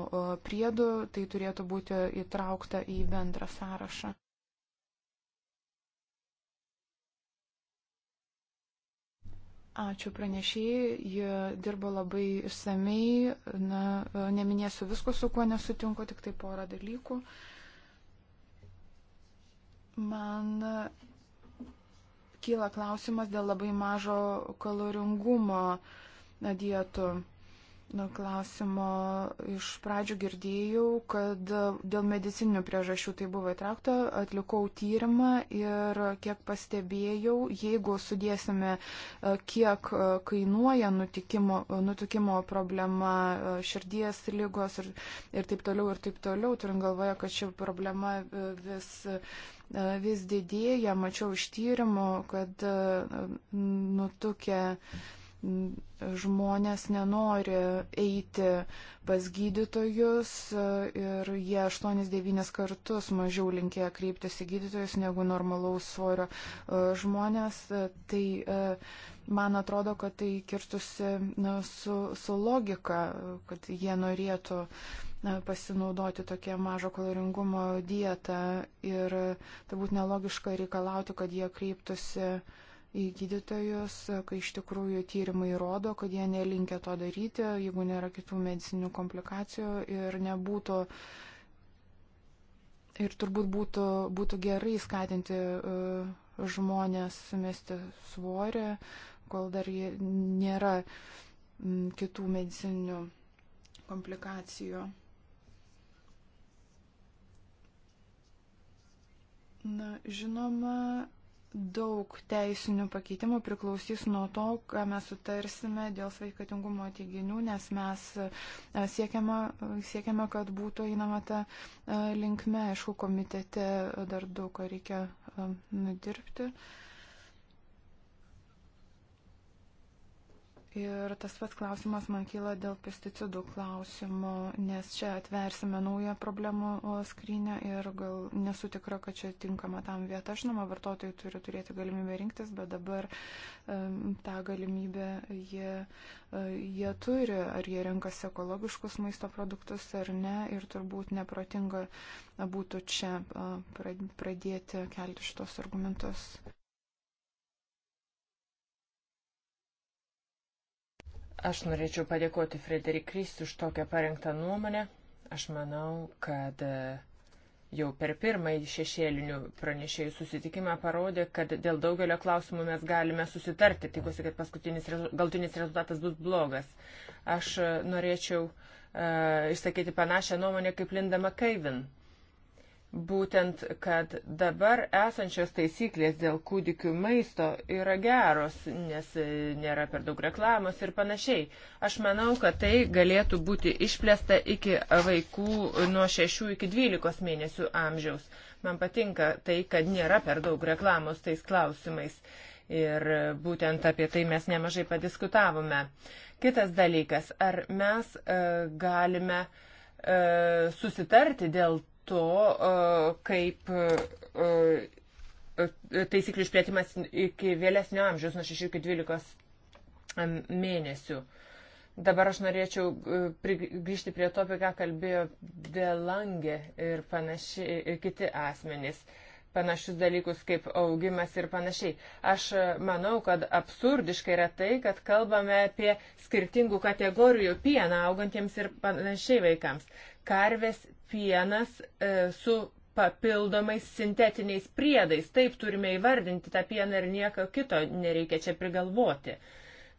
S2: priedų, tai turėtų būti įtraukta į bendrą sąrašą. Ačiū pranešėjai, jie dirbo labai išsamei, na, neminėsiu visko, su kuo nesutinku, tik tai porą dalykų. Man kyla klausimas dėl labai mažo kaloringumo dietų klausimo iš pradžių girdėjau, kad dėl medicininių priežasčių tai buvo įtraukta, atlikau tyrimą ir kiek pastebėjau, jeigu sudėsime, e, kiek e, kainuoja nutikimo, e, nutukimo problema, širdies lygos ir, ir taip toliau, ir taip toliau, turim galvoje, kad ši problema vis vis didėja, mačiau iš tyrimų, kad nutukę žmonės nenori eiti pas gydytojus ir jie 8-9 kartus mažiau linkėja kreiptis į gydytojus negu normalaus svorio e, žmonės. Tai e, man atrodo, kad tai kirtusi su, su logika, kad jie norėtų pasinaudoti tokia mažo kaloringumo dieta ir e, turbūt nelogiška reikalauti, kad jie kreiptųsi uh, į gydytojus, kai iš tikrųjų tyrimai rodo, kad jie nelinkia to daryti, jeigu nėra kitų medicinių komplikacijų ir nebūtų. Ir turbūt būtų, būtų gerai skatinti uh, žmonės mesti svorį, kol dar nėra kitų medicinių komplikacijų. Na, žinoma, daug teisinių pakeitimų priklausys nuo to, ką mes sutarsime dėl sveikatingumo teiginių, nes mes siekiame, siekiame kad būtų einama ta e, linkme. Aišku, komitete dar daug ką reikia e, nudirbti. Uh, Ir tas pats klausimas man kyla dėl pesticidų klausimų, nes čia atversime naują problemų skrynę ir gal nesu tikra, kad čia tinkama tam vieta. Žinoma, vartotojai turi turėti galimybę rinktis, bet dabar um, tą galimybę jie, uh, jie turi, ar jie renkasi ekologiškus maisto produktus ar ne. Ir turbūt neprotinga būtų čia uh, pradėti kelti šitos argumentus.
S3: Aš norėčiau padėkoti Frederik Krist už tokią parengtą nuomonę. Aš manau, kad e, jau per pirmąjį šešėlinių pranešėjų susitikimą parodė, kad dėl daugelio klausimų mes galime susitarti. Tikiuosi, kad paskutinis galtinis rezultatas bus blogas. Aš e, norėčiau uh, išsakyti panašią nuomonę kaip Linda McCaivin būtent, kad dabar esančios taisyklės dėl kūdikių maisto yra geros, nes nėra per daug reklamos ir panašiai. Aš manau, kad tai galėtų būti išplėsta iki vaikų nuo 6 iki 12 mėnesių amžiaus. Man patinka tai, kad nėra per daug reklamos tais klausimais. Ir būtent apie tai mes nemažai padiskutavome. Kitas dalykas, ar mes e, galime e, susitarti dėl to, kaip taisyklių išplėtimas iki vėlesnio amžiaus, nuo 6 iki 12 mėnesių. Dabar aš norėčiau grįžti prie to, apie ką kalbėjo Delangė ir panašiai, ir kiti asmenys panašius dalykus kaip augimas ir panašiai. Aš manau, kad absurdiškai yra tai, kad kalbame apie skirtingų kategorijų pieną augantiems ir panašiai vaikams. Karvės pienas e, su papildomais sintetiniais priedais. Taip turime įvardinti tą pieną ir nieko kito nereikia čia prigalvoti.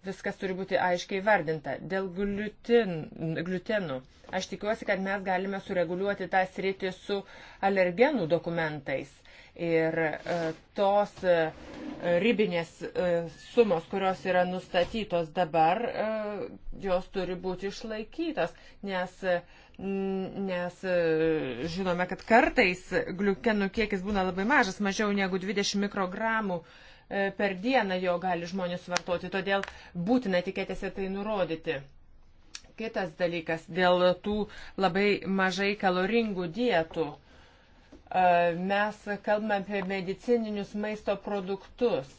S3: Viskas turi būti aiškiai vardinta. Dėl gliutin, gliutenų. Aš tikiuosi, kad mes galime sureguliuoti tą sritį su alergenų dokumentais. Ir e, tos e, ribinės e, sumos, kurios yra nustatytos dabar, jos turi būti išlaikytos, nes nes žinome, kad kartais gliukenų kiekis būna labai mažas, mažiau negu 20 mikrogramų E, per dieną jo gali žmonės vartoti, todėl būtina etiketėse tai nurodyti. Kitas dalykas dėl tų labai mažai kaloringų dietų. E, mes kalbame apie medicininius maisto produktus.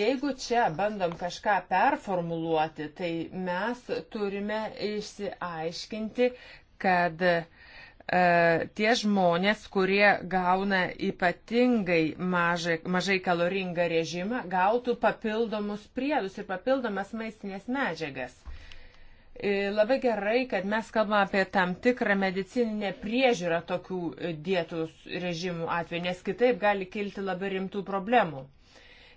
S3: Jeigu čia bandom kažką performuluoti, tai mes turime išsiaiškinti, kad uh, E, tie žmonės, kurie gauna ypatingai mažai, mažai kaloringą režimą, gautų papildomus priedus ir papildomas maistinės medžiagas. E, labai gerai, kad mes kalbame apie tam tikrą medicininę priežiūrą tokių dietų režimų atveju, nes kitaip gali kilti labai rimtų problemų.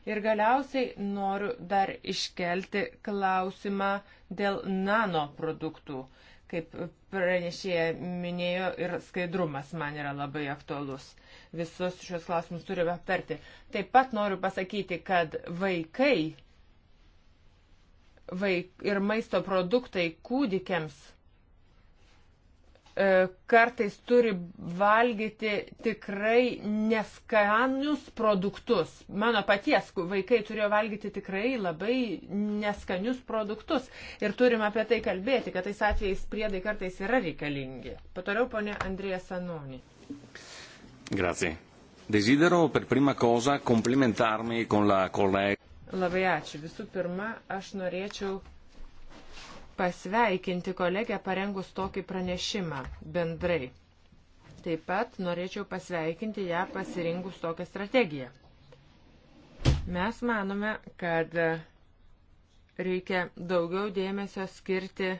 S3: Ir galiausiai noriu dar iškelti klausimą dėl nanoproduktų kaip pranešėja minėjo ir skaidrumas man yra labai aktualus. Visus šios klausimus turime aptarti. Taip pat noriu pasakyti, kad vaikai vaik, ir maisto produktai kūdikiams E, kartais turi valgyti tikrai neskanius produktus. Mano paties vaikai turėjo valgyti tikrai labai neskanius produktus. Ir turim apie tai kalbėti, kad tais atvejais priedai kartais yra reikalingi. Patoriau, ponė Andrėja Sanoni.
S2: Grazie. Desidero per prima cosa complimentarmi con la collega.
S3: Labai ačiū. Visų pirma, aš norėčiau pasveikinti kolegę parengus tokį pranešimą bendrai. Taip pat norėčiau pasveikinti ją pasirinkus tokią strategiją. Mes manome, kad reikia daugiau dėmesio skirti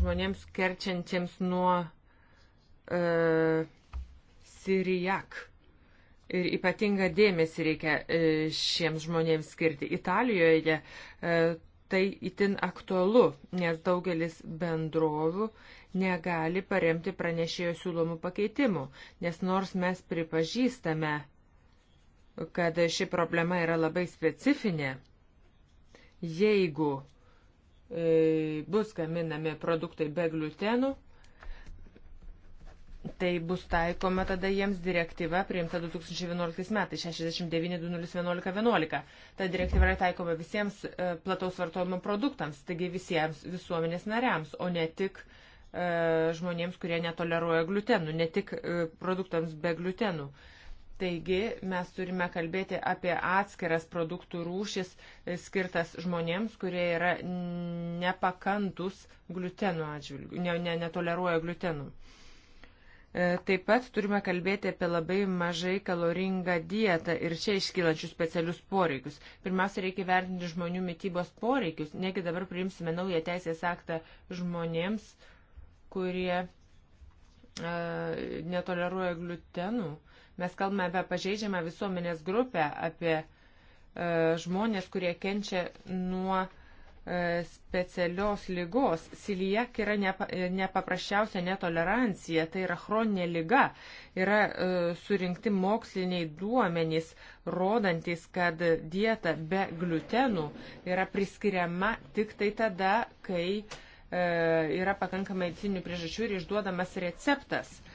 S3: žmonėms kerčiantiems nuo e, Sirijak Ir ypatingą dėmesį reikia e, šiems žmonėms skirti. Italijoje e, tai itin aktualu, nes daugelis bendrovių negali paremti pranešėjo siūlomų pakeitimų, nes nors mes pripažįstame, kad ši problema yra labai specifinė, jeigu e, bus gaminami produktai be gliutenų, tai bus taikoma tada jiems direktyva priimta 2011 metais 69.2.011.11. Ta direktyva yra taikoma visiems e, plataus vartojimo produktams, taigi visiems visuomenės nariams, o ne tik e, žmonėms, kurie netoleruoja glutenų, ne tik e, produktams be glutenų. Taigi mes turime kalbėti apie atskiras produktų rūšis skirtas žmonėms, kurie yra nepakantus glutenų atžvilgių, ne, ne, netoleruoja glutenų. E, taip pat turime kalbėti apie labai mažai kaloringą dietą ir čia iškylančius specialius poreikius. Pirmiausia, reikia vertinti žmonių mytybos poreikius. Negi dabar priimsime naują teisės aktą žmonėms, kurie e, netoleruoja gliutenų. Mes kalbame apie pažeidžiamą visuomenės grupę, apie e, žmonės, kurie kenčia nuo e, E, specialios lygos. Silijak yra nepa, e, nepaprasčiausia netolerancija, tai yra chroninė lyga. Yra e, surinkti moksliniai duomenys, rodantis, kad dieta be gliutenų yra priskiriama tik tai tada, kai e, yra pakankamai medicinių priežasčių ir išduodamas receptas. E,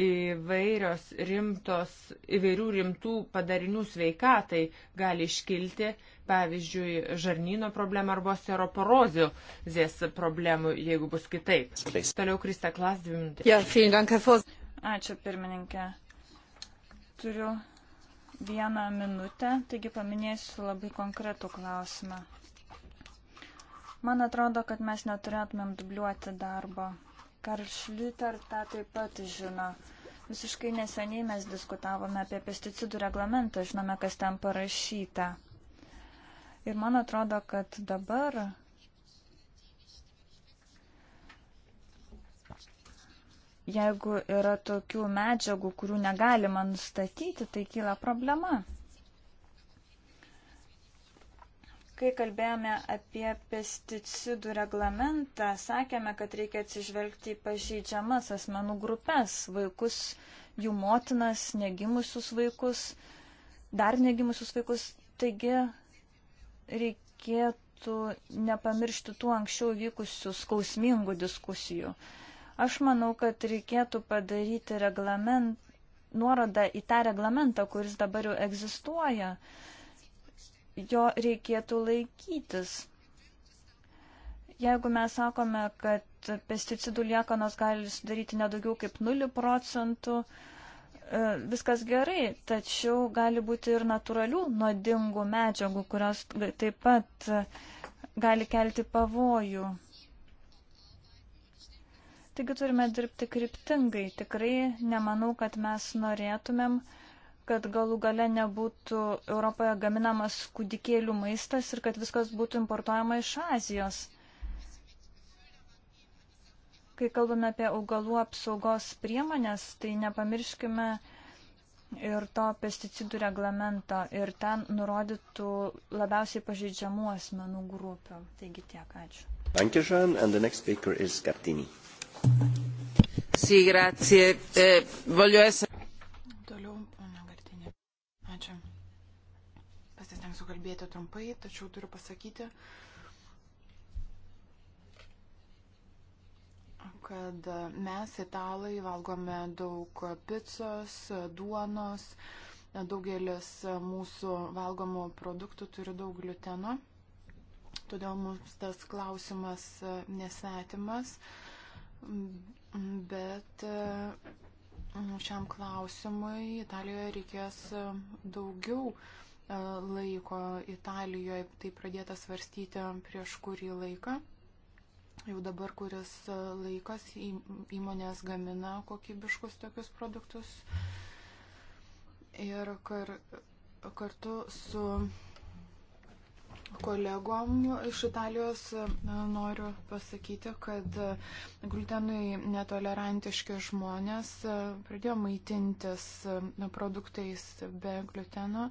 S3: įvairios rimtos, įvairių rimtų padarinių sveikatai gali iškilti, pavyzdžiui, žarnyno problema arba seroporoziozės problemų, jeigu bus kitaip. Please. Toliau Krista Klas, dvi minutės.
S1: Ačiū, pirmininkė. Turiu vieną minutę, taigi paminėsiu labai konkretų klausimą. Man atrodo, kad mes neturėtumėm dubliuoti darbo Karšliuter tą taip pat žino. Visiškai neseniai mes diskutavome apie pesticidų reglamentą, žinome, kas ten parašyta. Ir man atrodo, kad dabar jeigu yra tokių medžiagų, kurių negalima nustatyti, tai kyla problema. Kai kalbėjome apie pesticidų reglamentą, sakėme, kad reikia atsižvelgti į pažeidžiamas asmenų grupės - vaikus, jų motinas, negimusius vaikus, dar negimusius vaikus. Taigi reikėtų nepamiršti tų anksčiau vykusių skausmingų diskusijų. Aš manau, kad reikėtų padaryti reglament, nuorodą į tą reglamentą, kuris dabar jau egzistuoja. Uh, jo reikėtų laikytis. Jeigu mes sakome, kad pesticidų liekanos gali sudaryti nedaugiau kaip 0 procentų, e, viskas gerai, tačiau gali būti ir natūralių nuodingų medžiagų, kurios taip pat e, gali kelti pavojų. Taigi turime dirbti kryptingai. Tikrai nemanau, kad mes norėtumėm uh, kad galų gale nebūtų Europoje gaminamas kūdikėlių maistas ir kad viskas būtų importuojama iš Azijos. Kai kalbame apie augalų apsaugos priemonės, tai nepamirškime ir to pesticidų reglamento ir ten nurodytų labiausiai pažeidžiamų asmenų grupių. Taigi tiek, ačiū. Dankeschön, and the next speaker is Gardini. Sì, grazie. Eh, voglio essere...
S2: Ačiū. Pasistengsiu kalbėti trumpai, tačiau turiu pasakyti, kad mes, italai, valgome daug picos, duonos, daugelis mūsų valgomų produktų turi daug gluteno, todėl mums tas klausimas nesvetimas, bet šiam klausimui Italijoje reikės e, daugiau e, laiko. Italijoje tai pradėta svarstyti prieš kurį laiką. Jau dabar kuris e, laikas įmonės gamina kokybiškus tokius produktus. Ir kar, kartu su kolegom iš Italijos e, noriu pasakyti, kad e, glutenui netolerantiški žmonės e, pradėjo maitintis produktais be gluteno.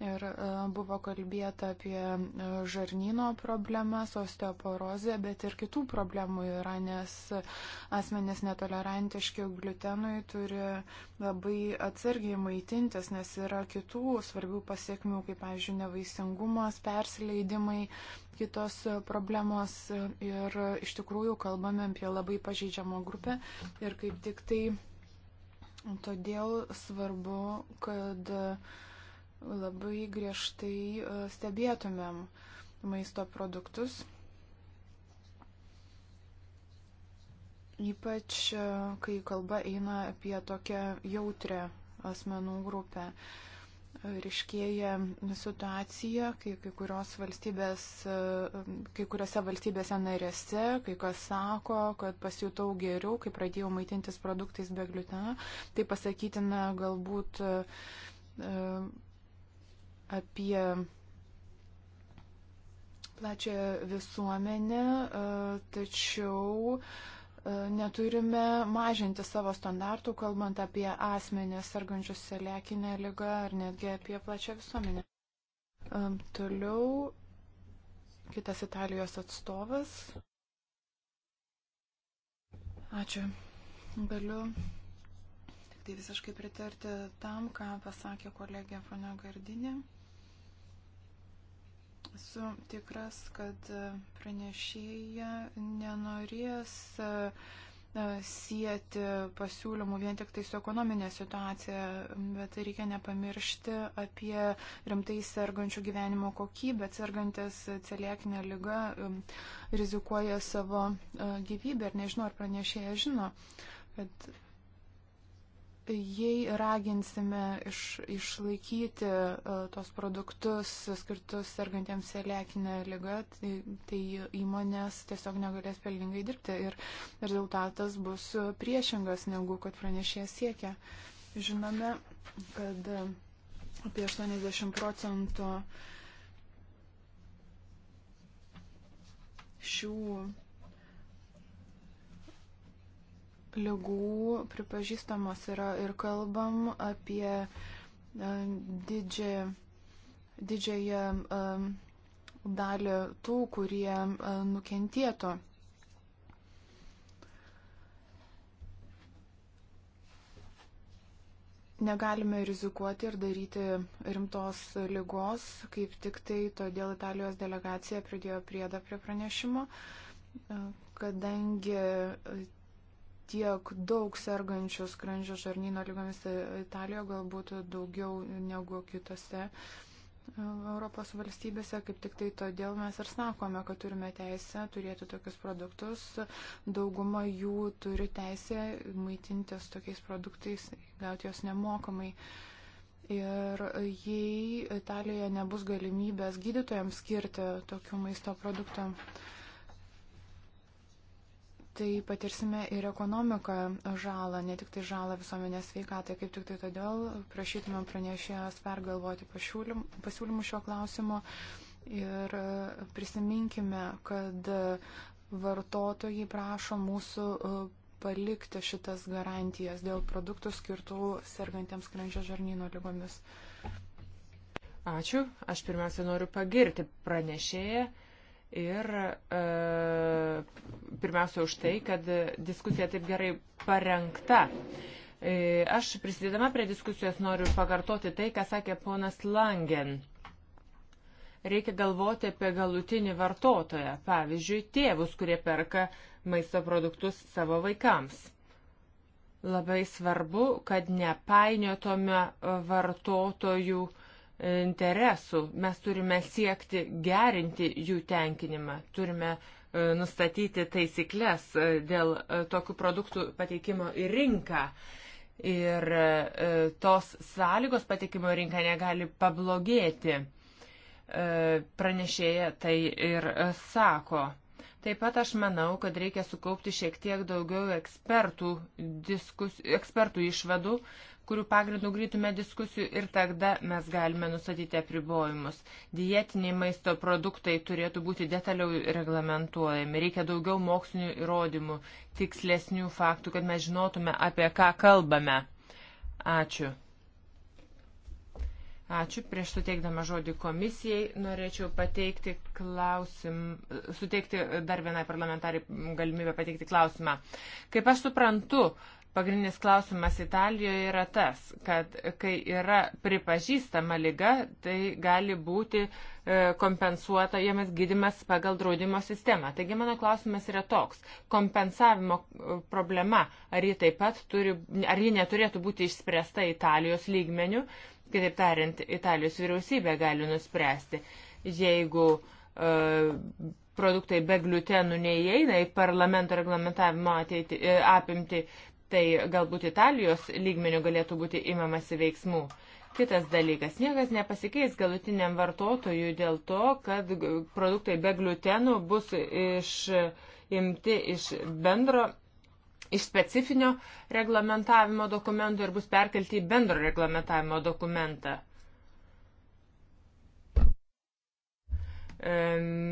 S2: Ir e, buvo kalbėta apie e, žarnyno problemas, osteoporozę, bet ir kitų problemų yra, nes asmenys netolerantiški gliutenui turi labai atsargiai maitintis, nes yra kitų svarbių pasiekmių, kaip, pavyzdžiui, nevaisingumas, persileidimai, kitos problemos. Ir iš tikrųjų kalbame apie labai pažeidžiamą grupę. Ir kaip tik tai todėl svarbu, kad uh, labai griežtai e, stebėtumėm maisto produktus. Ypač, e, kai kalba eina apie tokią jautrę asmenų grupę. E, Riškėja situacija, kai, kai, valstybės, kai kuriuose valstybėse narėse, kai kas sako, kad pasijutau geriau, kai pradėjau maitintis produktais be gliuteno, tai pasakytina galbūt apie plačią visuomenę, e, tačiau e, neturime mažinti savo standartų, kalbant apie asmenės sargančius celiakinę lygą ar netgi apie plačią visuomenę. E, toliau kitas Italijos atstovas. Ačiū. Galiu tik tai visiškai pritarti tam, ką pasakė kolegė Fone Gardinė. Esu tikras, kad pranešėja nenorės e, e, sieti pasiūlymų vien tik tai su ekonominė situacija, bet reikia nepamiršti apie rimtai sergančių gyvenimo kokybę. Sergantis celiakinė lyga e, rizikuoja savo gyvybę ir nežinau, ar pranešėja žino, kad jei raginsime iš, išlaikyti uh, tos produktus skirtus sergantiems celiakinę lygą, tai, tai įmonės tiesiog negalės pelningai dirbti ir rezultatas bus priešingas negu kad pranešėjas siekia. Žinome, kad apie 80 procentų šių lygų pripažįstamos yra ir kalbam apie e, didžią, didžiąją e, dalį tų, kurie e, nukentėtų. Negalime rizikuoti ir daryti rimtos lygos, kaip tik tai todėl Italijos delegacija pridėjo priedą prie pranešimo, kadangi tiek daug sergančių skrandžio žarnyno lygomis Italijoje, galbūt daugiau negu kitose e, Europos valstybėse, kaip tik tai todėl mes ir sakome, kad turime teisę turėti tokius produktus. Dauguma jų turi teisę maitintis tokiais produktais, gauti jos nemokamai. Ir jei Italijoje nebus galimybės gydytojams skirti tokių maisto produktų, tai patirsime ir ekonomiką žalą, ne tik tai žalą visuomenės sveikatai. Kaip tik tai todėl prašytumėm pranešėjos pergalvoti pasiūlymus šio klausimo ir prisiminkime, kad vartotojai prašo mūsų e, palikti šitas garantijas dėl produktų skirtų sergantiems skrandžio žarnyno lygomis.
S3: Ačiū. Aš pirmiausia noriu pagirti pranešėją ir e, pirmiausia už tai, kad diskusija taip gerai parengta. E, aš prisidėdama prie diskusijos noriu pakartoti tai, ką sakė ponas Langen. Reikia galvoti apie galutinį vartotoją, pavyzdžiui, tėvus, kurie perka maisto produktus savo vaikams. Labai svarbu, kad nepainiotume vartotojų uh, interesų. Mes turime siekti gerinti jų tenkinimą. Turime e, nustatyti taisyklės e, dėl e, tokių produktų pateikimo į rinką. Ir tos sąlygos pateikimo į rinką negali pablogėti. Pranešėja tai ir sako. Taip pat aš manau, kad reikia sukaupti šiek tiek daugiau ekspertų, diskus, ekspertų išvadų, kurių pagrindų grytume diskusijų ir tada mes galime nustatyti apribojimus. Dietiniai maisto produktai turėtų būti detaliau reglamentuojami. Reikia daugiau mokslinių įrodymų, tikslesnių faktų, kad mes žinotume, apie ką kalbame. Ačiū. Ačiū. Prieš suteikdama žodį komisijai norėčiau pateikti klausim, suteikti dar vienai parlamentariai galimybę pateikti klausimą. Kaip aš suprantu, uh, Pagrindinis klausimas Italijoje yra tas, kad kai yra pripažįstama lyga, tai gali būti e, kompensuota jomis gydimas pagal draudimo sistemą. Taigi mano klausimas yra toks. Kompensavimo e, problema, ar ji taip pat turi, ar ji neturėtų būti išspręsta Italijos lygmenių, kitaip tariant, Italijos vyriausybė gali nuspręsti, jeigu uh, produktai be gliutenų neįeina į parlamento reglamentavimo ateitį, apimti, tai galbūt Italijos lygmenių galėtų būti imamasi veiksmų. Kitas dalykas, niekas nepasikeis galutiniam vartotojui dėl to, kad produktai be gliutenų bus išimti iš bendro, iš specifinio reglamentavimo dokumento ir bus perkelti į bendro reglamentavimo dokumentą.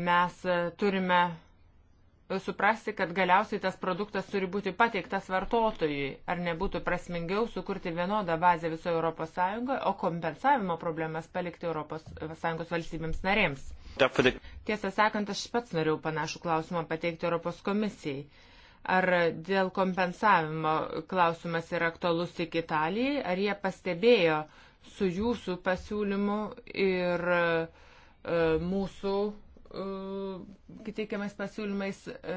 S3: Mes turime suprasti, kad galiausiai tas produktas turi būti pateiktas vartotojui, ar nebūtų prasmingiau sukurti vienodą bazę visoje ES, o kompensavimo problemas palikti ES valstybėms narėms. Tiesą sakant, aš pats norėjau panašų klausimą pateikti Europos komisijai. Ar dėl kompensavimo klausimas yra aktualus tik Italijai, ar jie pastebėjo su jūsų pasiūlymu ir e, mūsų E, teikiamais pasiūlymais, e,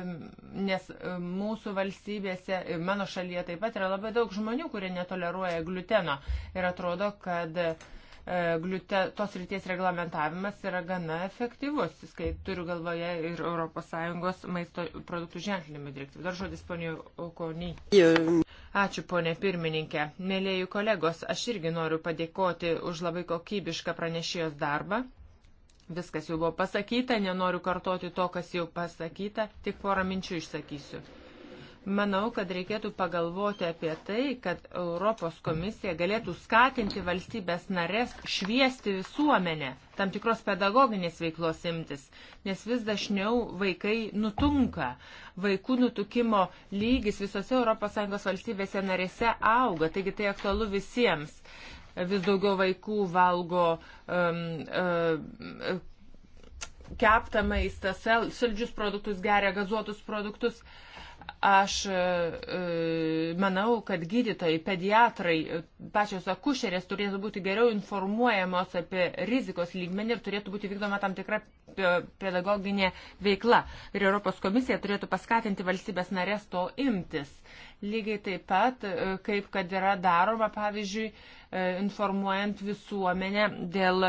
S3: nes e, mūsų valstybėse, mano šalyje taip pat yra labai daug žmonių, kurie netoleruoja gluteno ir atrodo, kad gliute, tos ryties reglamentavimas yra gana efektyvus, kai turiu galvoje ir ES maisto produktų ženklinimo direktyvą. Dar žodis ponio Okony. Ačiū ponė pirmininkė. Mėlėjų kolegos, aš irgi noriu padėkoti už labai kokybišką pranešėjos darbą. Viskas jau buvo pasakyta, nenoriu kartoti to, kas jau pasakyta, tik porą minčių išsakysiu. Manau, kad reikėtų pagalvoti apie tai, kad Europos komisija galėtų skatinti valstybės narės šviesti visuomenę, tam tikros pedagoginės veiklos imtis, nes vis dažniau vaikai nutunka. Vaikų nutukimo lygis visose ES valstybėse narėse auga, taigi tai aktualu visiems vis daugiau vaikų valgo um, um, keptą maistą, saldžius produktus, geria gazuotus produktus. Uh, Aš e, e, manau, kad gydytojai, pediatrai, e, pačios akušerės turėtų būti geriau informuojamos apie rizikos lygmenį ir turėtų būti vykdoma tam tikra pedagoginė veikla. Ir Europos komisija turėtų paskatinti valstybės narės to imtis. Lygiai taip pat, kaip kad yra daroma, pavyzdžiui, informuojant visuomenę dėl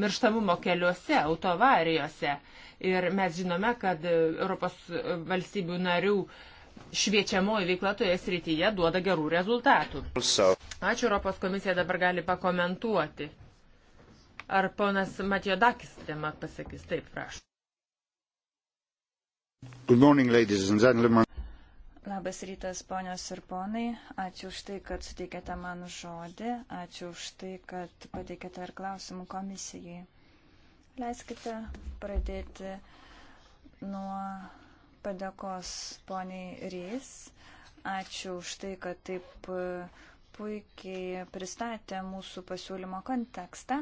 S3: mirštamumo keliuose, autovarijose. Ir mes žinome, kad Europos valstybių narių šviečiamoji veikla toje srityje duoda gerų rezultatų. Ačiū Europos komisija dabar gali pakomentuoti. Ar ponas Matijodakis tema pasakys? Taip, prašau.
S1: Good morning, ladies and gentlemen. Labas rytas, ponios ir ponai. Ačiū už tai, kad suteikėte man žodį. Ačiū už tai, kad pateikėte ir klausimų komisijai. Leiskite pradėti nuo padėkos poniai Rys. Ačiū už tai, kad taip e, puikiai pristatė mūsų pasiūlymo kontekstą.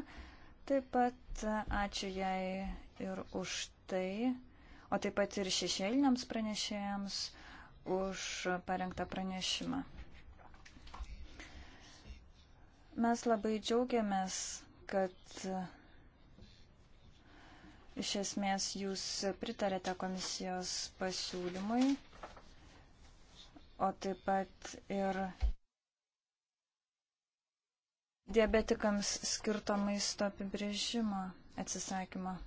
S1: Taip pat e, ačiū jai ir už tai, o taip pat ir šešėliniams pranešėjams už parengtą pranešimą. Mes labai džiaugiamės, kad Iš esmės jūs pritarėte komisijos pasiūlymui, o taip pat ir diabetikams skirto maisto apibrėžimo atsisakymą.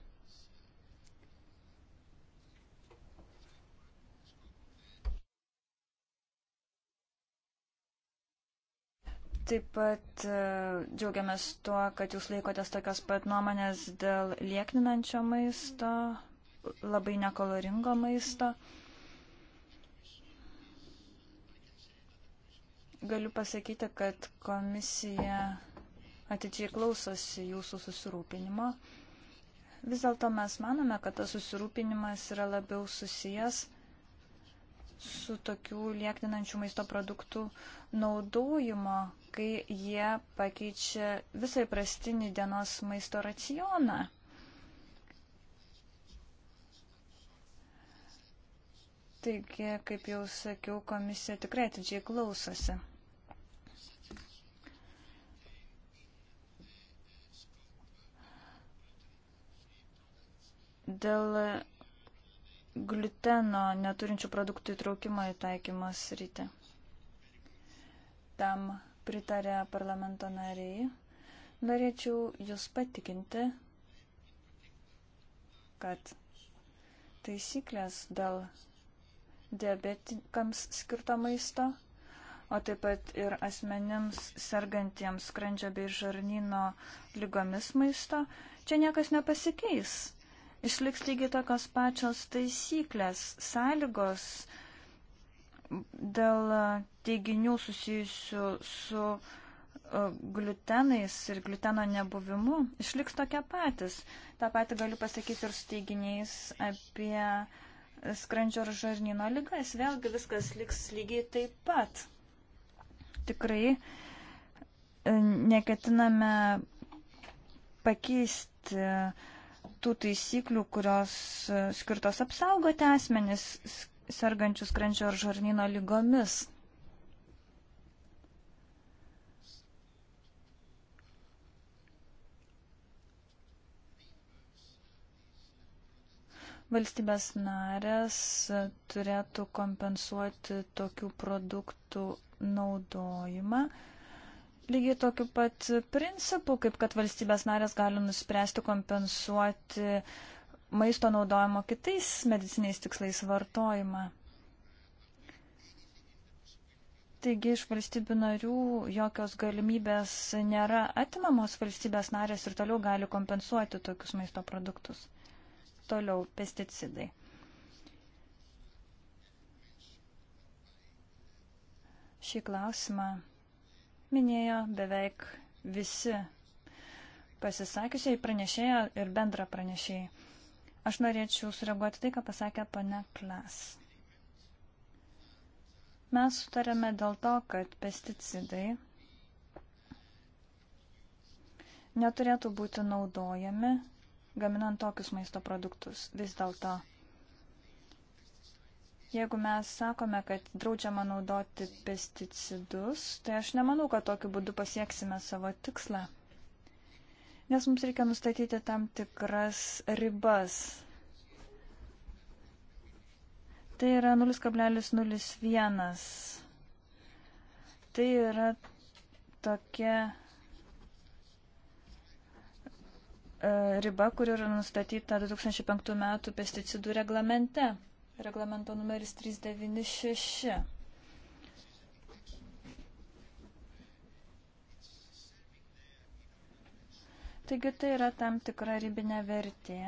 S1: Taip pat e, džiaugiamės tuo, kad jūs laikotės tokios pat nuomonės dėl liekninančio maisto, labai nekoloringo maisto. Galiu pasakyti, kad komisija atidžiai klausosi jūsų susirūpinimo. Vis dėlto mes manome, kad tas susirūpinimas yra labiau susijęs su tokių liekninančių maisto produktų naudojimo, kai jie pakeičia visą įprastinį dienos maisto racioną. Taigi, kaip jau sakiau, komisija tikrai atidžiai klausosi. Dėl gluteno neturinčių produktų įtraukimo į taikymos rytį. Tam pritarė parlamento nariai. Norėčiau jūs patikinti, kad taisyklės dėl diabetikams skirto maisto, o taip pat ir asmenims sergantiems skrandžio bei žarnyno lygomis maisto, čia niekas nepasikeis išliks lygiai tokios pačios taisyklės, sąlygos dėl teiginių susijusių su e, gliutenais ir gliuteno nebuvimu išliks tokie patys. Ta pati galiu pasakyti ir su teiginiais apie skrandžio ir žarnyno lygas. Vėlgi viskas liks lygiai taip pat. Tikrai e, neketiname pakeisti uh, tų taisyklių, kurios e, skirtos apsaugoti asmenis sergančius skrandžio ar žarnyno lygomis. Valstybės narės e, turėtų kompensuoti tokių produktų naudojimą. Uh, lygiai tokiu pat principu, kaip kad valstybės narės gali nuspręsti kompensuoti maisto naudojimo kitais mediciniais tikslais vartojimą. Taigi iš valstybių narių jokios galimybės nėra atimamos, valstybės narės ir toliau gali kompensuoti tokius maisto produktus. Toliau pesticidai. šį klausimą minėjo beveik visi pasisakiusiai pranešėjo ir bendra pranešėjai. Aš norėčiau sureaguoti tai, ką pasakė pane Klas. Mes sutarėme dėl to, kad pesticidai neturėtų būti naudojami gaminant tokius maisto produktus. Vis dėlto Jeigu mes sakome, kad draudžiama naudoti pesticidus, tai aš nemanau, kad tokiu būdu pasieksime savo tikslą. Nes mums reikia nustatyti tam tikras ribas. Tai yra 0,01. Tai yra tokia e, riba, kur yra nustatyta 2005 metų pesticidų reglamente reglamento numeris 396. Taigi tai yra tam tikra ribinė vertė.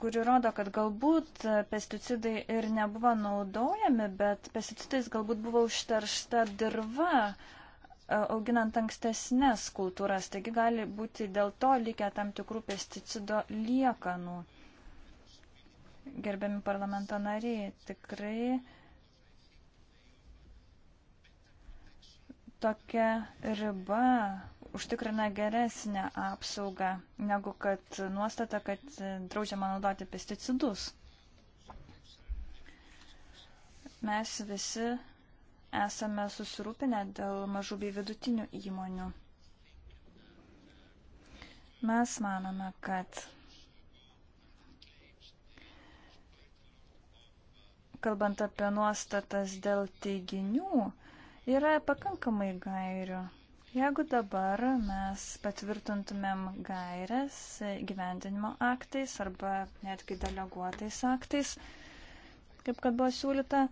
S1: kuri rodo, kad galbūt pesticidai ir nebuvo naudojami, bet pesticidais galbūt buvo užteršta dirba auginant ankstesnės kultūras, taigi gali būti dėl to likę tam tikrų pesticido liekanų. Gerbiami parlamento nariai, tikrai tokia riba užtikrina geresnę apsaugą negu kad nuostata, kad draudžiama naudoti pesticidus. Mes visi esame susirūpinę dėl mažų bei vidutinių įmonių. Mes manome, kad kalbant apie nuostatas dėl teiginių, yra pakankamai gairių. Jeigu dabar mes patvirtintumėm gairias gyvendinimo aktais arba netgi deleguotais aktais, kaip kad buvo siūlyta,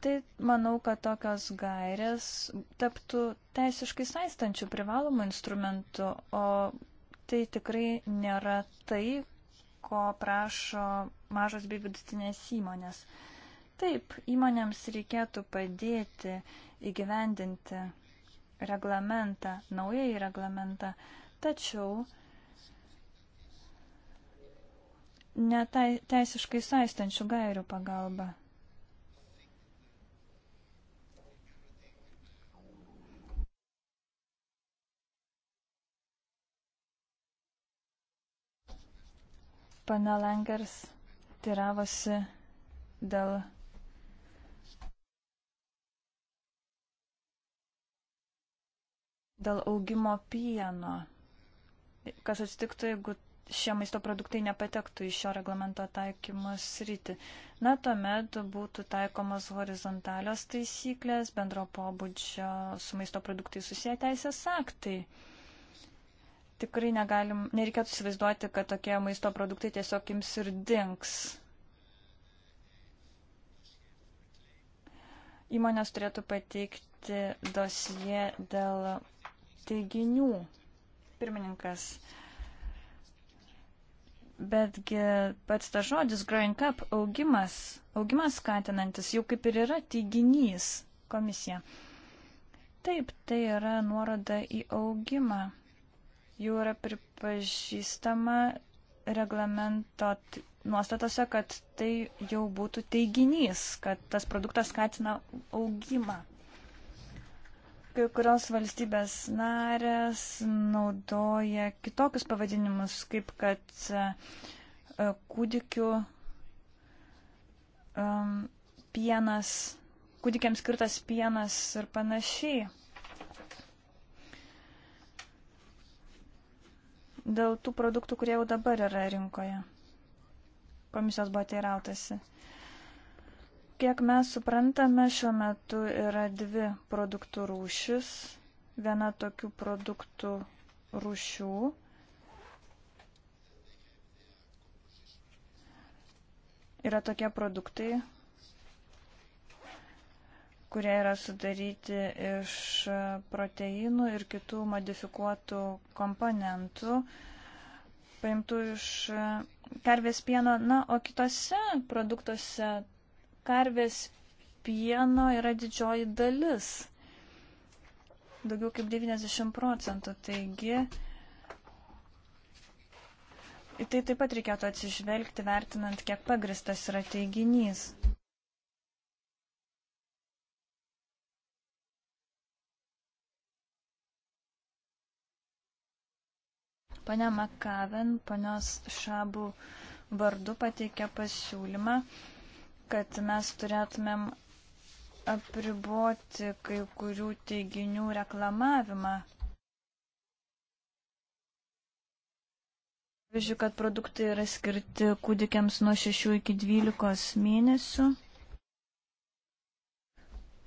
S1: Tai manau, kad tokios gairės taptų teisiškai saistančių privalomų instrumentų, o tai tikrai nėra tai, ko prašo mažos bei vidutinės įmonės. Taip, įmonėms reikėtų padėti įgyvendinti reglamentą, naująjį reglamentą, tačiau ne tai teisiškai saistančių gairių pagalba. Pane Langers tiravosi dėl. Dėl augimo pieno. Kas atsitiktų, jeigu šie maisto produktai nepatektų į šio reglamento taikymus rytį. Na, tuomet būtų taikomos horizontalios taisyklės, bendro pobūdžio su maisto produktai susiję teisės aktai. Uh, tikrai negalim, nereikėtų įsivaizduoti, kad tokie maisto produktai tiesiog ims ir dinks. Įmonės turėtų pateikti dosiją dėl teiginių. Pirmininkas. Betgi pats ta žodis growing up, augimas, augimas skatinantis, jau kaip ir yra teiginys komisija. Taip, tai yra nuoroda į augimą jau yra pripažįstama reglamento nuostatose, kad tai jau būtų teiginys, kad tas produktas skatina augimą. Kai kurios valstybės narės naudoja kitokius pavadinimus, kaip kad e, e, kūdikių um, pienas, kūdikiams skirtas pienas ir panašiai. dėl tų produktų, kurie jau dabar yra rinkoje. Komisijos buvo teirautasi. Kiek mes suprantame, šiuo metu yra dvi produktų rūšis. Viena tokių produktų rūšių yra tokie produktai, kurie yra sudaryti iš proteinų ir kitų modifikuotų komponentų paimtų iš karvės pieno. Na, o kitose produktuose karvės pieno yra didžioji dalis. Daugiau kaip 90 procentų. Taigi, į tai taip pat reikėtų atsižvelgti, vertinant, kiek pagristas yra teiginys. Pane Makaven, panios Šabų vardu pateikė pasiūlymą, kad mes turėtumėm apriboti kai kurių teiginių reklamavimą. Pavyzdžiui, kad produktai yra skirti kūdikiams nuo 6 iki 12 mėnesių.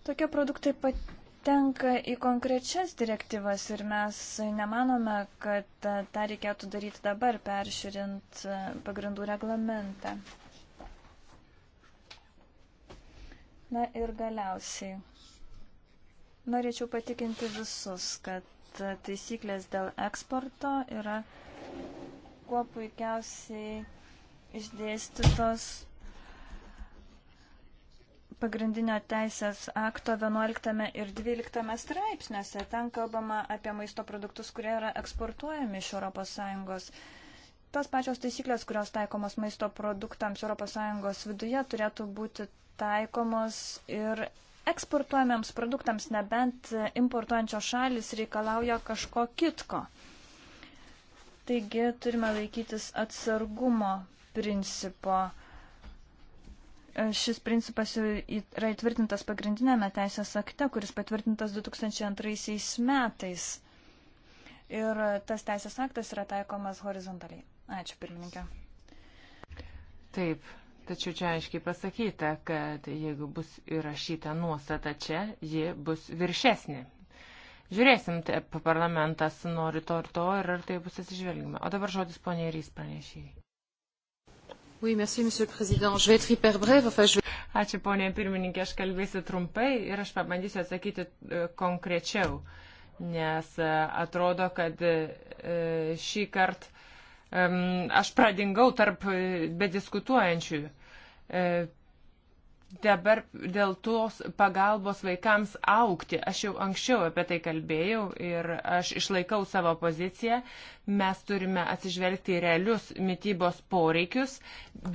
S1: Tokie produktai pat tenka į konkrečias direktyvas ir mes nemanome, kad e, tą reikėtų daryti dabar, peržiūrint e, pagrindų reglamentą. Na ir galiausiai. Norėčiau patikinti visus, kad e, taisyklės dėl eksporto yra kuo puikiausiai išdėstytos pagrindinio teisės akto 11 ir 12 straipsniuose. Ten kalbama apie maisto produktus, kurie yra eksportuojami iš ES. Tos pačios taisyklės, kurios taikomos maisto produktams ES viduje, turėtų būti taikomos ir eksportuojamiams produktams, nebent importuojančios šalis reikalauja kažko kitko. Taigi turime laikytis atsargumo principo. Šis principas yra įtvirtintas pagrindinėme teisės akte, kuris patvirtintas 2002 metais. Ir tas teisės aktas yra taikomas horizontaliai. Ačiū, pirmininkė.
S3: Taip, tačiau čia aiškiai pasakyta, kad jeigu bus įrašyta nuostata čia, ji bus viršesnė. Žiūrėsim, taip, parlamentas nori to ir to ir ar tai bus atsižvelgima. O dabar žodis poniai Rys pranešėjai. Oui, merci, Monsieur le Président. Je vais être
S2: hyper brève. Enfin, je...
S3: Ačiū, ponė pirmininkė, aš kalbėsiu trumpai ir aš pabandysiu atsakyti e, konkrečiau, nes e, atrodo, kad e, šį kartą aš pradingau tarp bediskutuojančiųjų dabar dėl tos pagalbos vaikams aukti. Aš jau anksčiau apie tai kalbėjau ir aš išlaikau savo poziciją. Mes turime atsižvelgti į realius mytybos poreikius,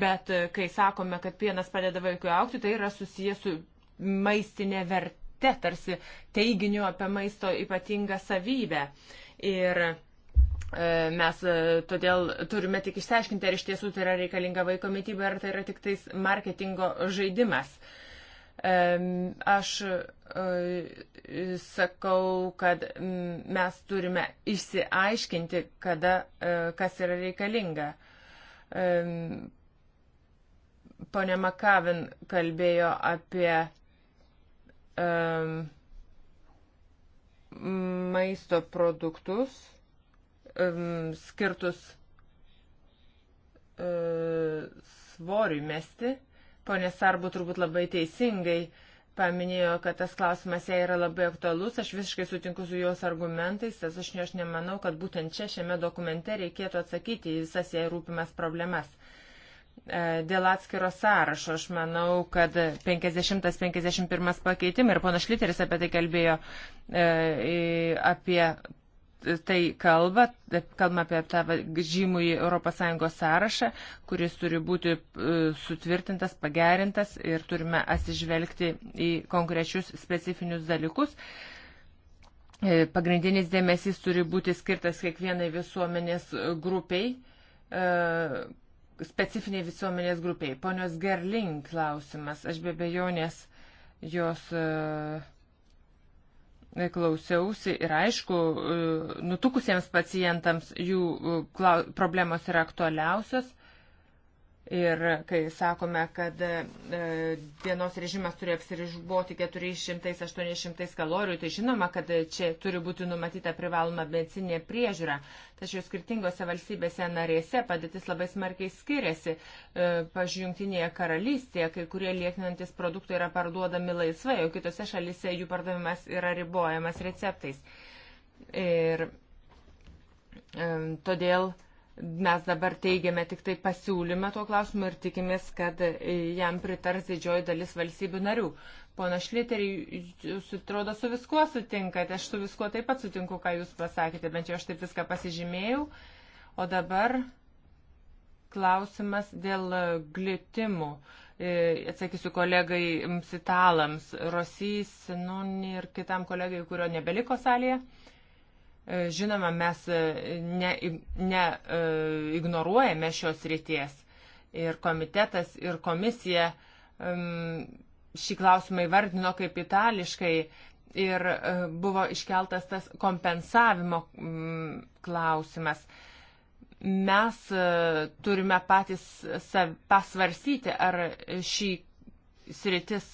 S3: bet kai sakome, kad pienas padeda vaikui aukti, tai yra susijęs su maistinė verte, tarsi teiginiu apie maisto ypatingą savybę. Ir E, mes e, todėl turime tik išsiaiškinti, ar iš tiesų tai yra reikalinga vaiko mytyba, ar tai yra tik tais marketingo žaidimas. E, aš sakau, kad mes turime išsiaiškinti, kada kas yra reikalinga. Pone Makavin kalbėjo apie maisto produktus um, skirtus uh, svoriui mesti. Pone Sarbu turbūt labai teisingai paminėjo, kad tas klausimas jai yra labai aktualus. Aš visiškai sutinku su jos argumentais, nes aš, aš nemanau, kad būtent čia šiame dokumente reikėtų atsakyti į visas jai rūpimas problemas. E, dėl atskiro sąrašo aš manau, kad 50-51 pakeitimai ir ponas Šliteris apie tai kalbėjo, e, apie tai kalba, kalbame apie tą žymų į ES sąrašą, kuris turi būti e, sutvirtintas, pagerintas ir turime atsižvelgti į konkrečius specifinius dalykus. E, pagrindinis dėmesys turi būti skirtas kiekvienai visuomenės grupiai, e, specifiniai visuomenės grupiai. Ponios Gerling klausimas, aš be bejonės jos. Uh, klausiausi ir aišku, e, nutukusiems pacientams jų e, problemos yra aktualiausios, Ir kai sakome, kad e, dienos režimas turi apsirižboti 400-800 kalorijų, tai žinoma, kad čia turi būti numatyta privaloma benzinė priežiūra. Tačiau skirtingose valstybėse narėse padėtis labai smarkiai skiriasi. E, Pažiūrėjungtinėje karalystėje kai kurie liekinantis produktai yra parduodami laisvai, o kitose šalise jų pardavimas yra ribojamas receptais. Ir e, todėl Mes dabar teigiame tik tai pasiūlymą tuo klausimu ir tikimės, kad jam pritars didžioji dalis valstybių narių. Pona Šliterį, jūs atrodo su viskuo sutinkate, aš su viskuo taip pat sutinku, ką jūs pasakėte, bent jau aš taip viską pasižymėjau. O dabar klausimas dėl glitimų. E, atsakysiu kolegai Msitalams, Rosys, Sinoni ir kitam kolegai, kurio nebeliko salėje. E, žinoma, mes neignoruojame ne, ne e, šios ryties ir komitetas, ir komisija šį klausimą įvardino kaip itališkai ir e, buvo iškeltas tas kompensavimo klausimas. Mes turime patys pasvarsyti, ar šį sritis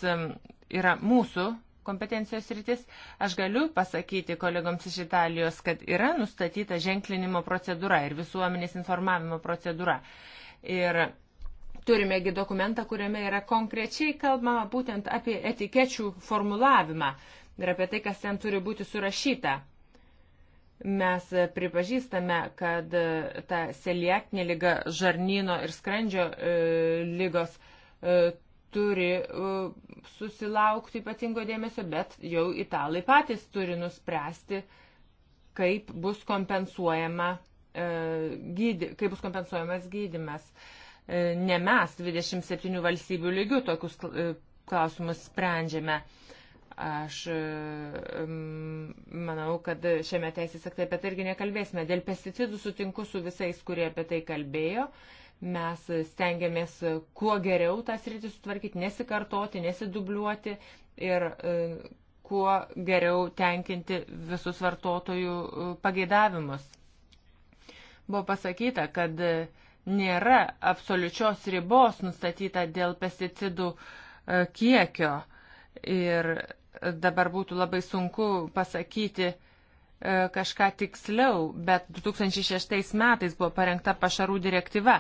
S3: yra mūsų kompetencijos rytis. Aš galiu pasakyti kolegoms iš Italijos, kad yra nustatyta ženklinimo procedūra ir visuomenės informavimo procedūra. Ir turimegi dokumentą, kuriame yra konkrečiai kalbama būtent apie etikečių formulavimą ir apie tai, kas ten turi būti surašyta. Mes pripažįstame, kad ta seliaknė lyga žarnyno ir skrandžio e, lygos e, turi e, susilaukti ypatingo dėmesio, bet jau italai patys turi nuspręsti, kaip bus kompensuojama e, gydy, kaip bus kompensuojamas gydimas. E, ne mes 27 valstybių lygių tokius klausimus sprendžiame. Aš manau, kad šiame teisės akte apie tai irgi nekalbėsime. Dėl pesticidų sutinku su visais, kurie apie tai kalbėjo. Uh, Mes stengiamės kuo geriau tą sritį sutvarkyti, nesikartoti, nesidubliuoti ir e, kuo geriau tenkinti visus vartotojų e, pageidavimus. Buvo pasakyta, kad nėra absoliučios ribos nustatyta dėl pesticidų e, kiekio ir dabar būtų labai sunku pasakyti, E, kažką tiksliau, bet 2006 metais buvo parengta pašarų direktyva,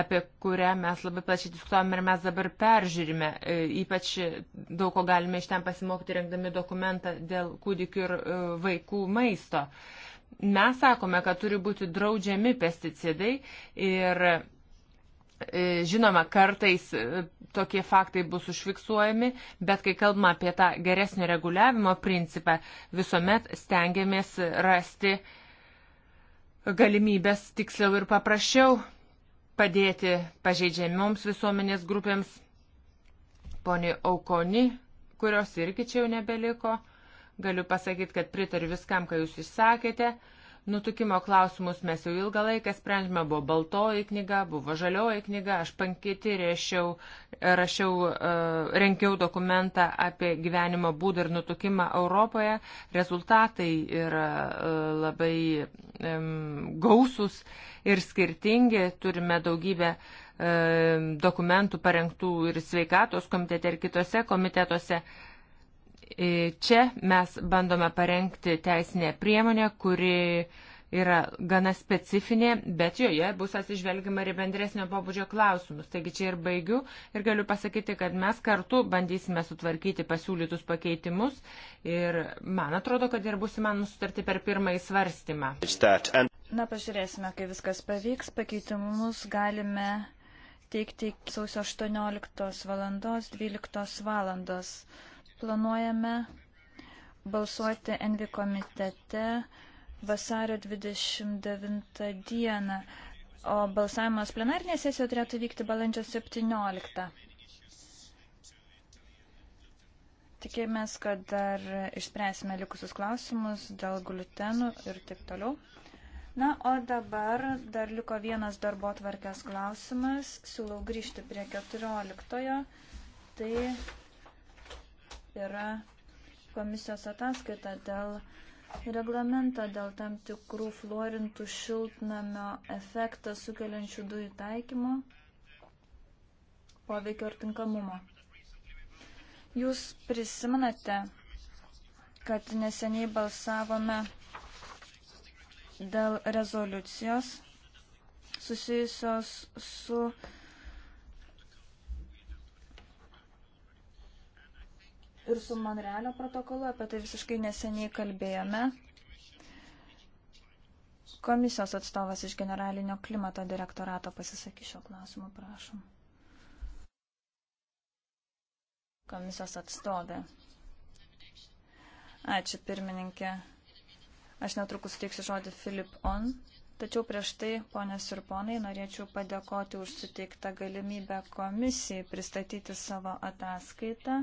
S3: apie kurią mes labai plačiai diskutavome ir mes dabar peržiūrime. E, ypač daug ko galime iš ten pasimokti rengdami dokumentą dėl kūdikių ir e, vaikų maisto. Mes sakome, kad turi būti draudžiami pesticidai ir E, žinoma, kartais e, tokie faktai bus užfiksuojami, bet kai kalbame apie tą geresnio reguliavimo principą, visuomet stengiamės rasti galimybės tiksliau ir paprasčiau padėti pažeidžiamioms visuomenės grupėms. Poni Aukoni, kurios irgi čia jau nebeliko, galiu pasakyti, kad pritariu viskam, ką jūs išsakėte. Nutukimo klausimus mes jau ilgą laiką sprendžiame, buvo baltoji knyga, buvo žalioji knyga, aš pankyti rašiau, rašiau e, renkiau dokumentą apie gyvenimo būdą ir nutukimą Europoje. Rezultatai yra e, labai gausus ir skirtingi, turime daugybę e, dokumentų parengtų ir sveikatos komitete ir kitose komitetuose. E, čia mes bandome parengti teisinę priemonę, kuri yra gana specifinė, bet joje bus atsižvelgiama ir bendresnio pobūdžio klausimus. Taigi čia ir baigiu ir galiu pasakyti, kad mes kartu bandysime sutvarkyti pasiūlytus pakeitimus ir man atrodo, kad ir bus įmanoma sutarti per pirmąjį svarstymą.
S1: Na, pažiūrėsime, kai viskas pavyks, pakeitimus galime teikti sausio 18 valandos, 12 valandos planuojame balsuoti Envi komitete vasario 29 dieną, o balsavimas plenarinė sesija turėtų vykti balandžio 17. Tikėjomės, kad dar išspręsime likusius klausimus dėl gliutenų ir taip toliau. Na, o dabar dar liko vienas darbo tvarkės klausimas. Siūlau grįžti prie 14. -ojo. Tai yra komisijos ataskaita dėl reglamento dėl tam tikrų fluorintų šiltnamio efektą sukeliančių dujų taikymo, poveikio ir tinkamumo. Jūs prisimenate, kad neseniai balsavome dėl rezoliucijos susijusios su ir su Monrealio protokolu, apie tai visiškai neseniai kalbėjome. Komisijos atstovas iš generalinio klimato direktorato pasisakys šio klausimu, prašom. Komisijos atstovė. Ačiū, pirmininkė. Aš netrukus suteiksiu žodį Filip On, Tačiau prieš tai, ponės ir ponai, norėčiau padėkoti už suteiktą galimybę komisijai pristatyti savo ataskaitą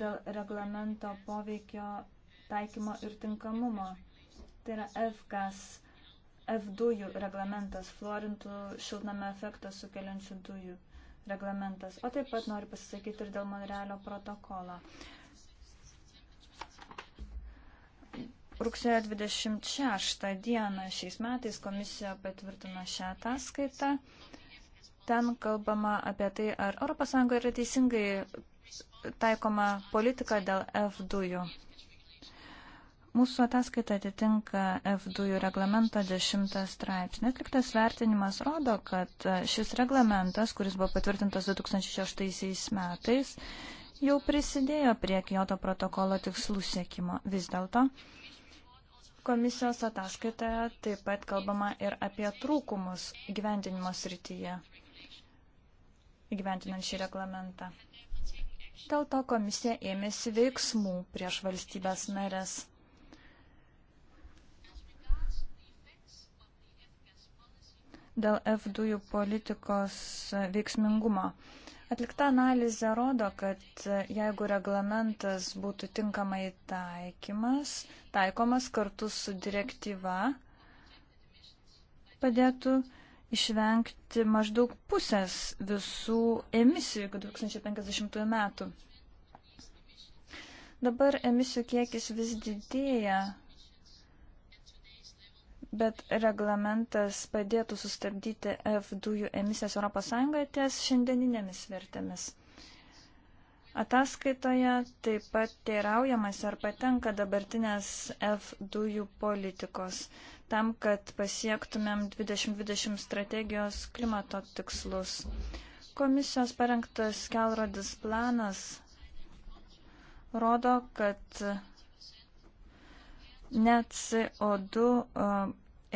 S1: dėl reglamento poveikio taikymo ir tinkamumo. Tai yra FGAS, F2 reglamentas, florintų šiltnamio efektą sukeliančių dujų reglamentas. O taip pat noriu pasisakyti ir dėl Monrealio protokolo. Rugsėjo 26 dieną šiais metais komisija patvirtino šią ataskaitą. Ten kalbama apie tai, ar ES yra teisingai taikoma politika dėl F dujų. Mūsų ataskaita atitinka F2 reglamento 10 straipsnį. Atliktas vertinimas rodo, kad šis reglamentas, kuris buvo patvirtintas 2006 metais, jau prisidėjo prie Kyoto protokolo tikslų siekimo. Vis dėlto komisijos ataskaitoje taip pat kalbama ir apie trūkumus gyvendinimo srityje, gyvendinant šį reglamentą. Dėl to komisija ėmėsi veiksmų prieš valstybės narės. Dėl F2 politikos veiksmingumo. Atlikta analizė rodo, kad jeigu reglamentas būtų tinkamai taikymas, taikomas kartu su direktyva, padėtų išvengti maždaug pusės visų emisijų iki 2050 metų. Dabar emisijų kiekis vis didėja, bet reglamentas padėtų sustabdyti F dujų emisijas ES ties šiandieninėmis vertėmis. Ataskaitoje taip pat teiraujamas ar patenka dabartinės F dujų politikos tam, kad pasiektumėm 2020 strategijos klimato tikslus. Komisijos parengtas kelrodis planas rodo, kad net CO2 e,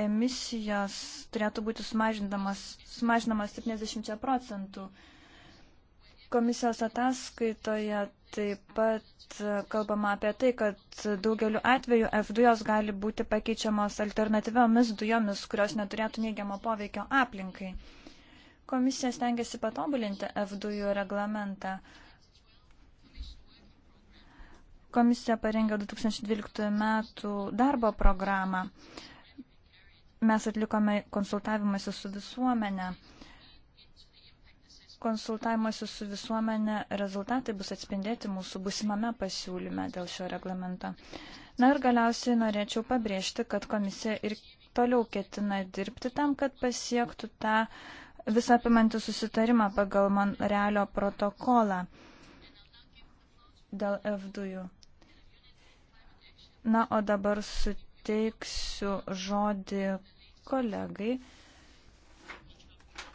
S1: emisijos turėtų būti sumažinamas 70 procentų Komisijos ataskaitoje taip pat e, kalbama apie tai, kad daugeliu atveju F dujos gali būti pakeičiamos alternatyviomis dujomis, kurios neturėtų neigiamo poveikio aplinkai. Komisija stengiasi patobulinti F dujų reglamentą. Komisija parengė 2012 metų darbo programą. Mes atlikome konsultavimąsi su visuomenė konsultavimuose su visuomenė rezultatai bus atspindėti mūsų busimame pasiūlyme dėl šio reglamento. Na ir galiausiai norėčiau pabrėžti, kad komisija ir toliau ketina dirbti tam, kad pasiektų tą visą apimantį susitarimą pagal man realio protokolą dėl F2. Na, o dabar suteiksiu žodį kolegai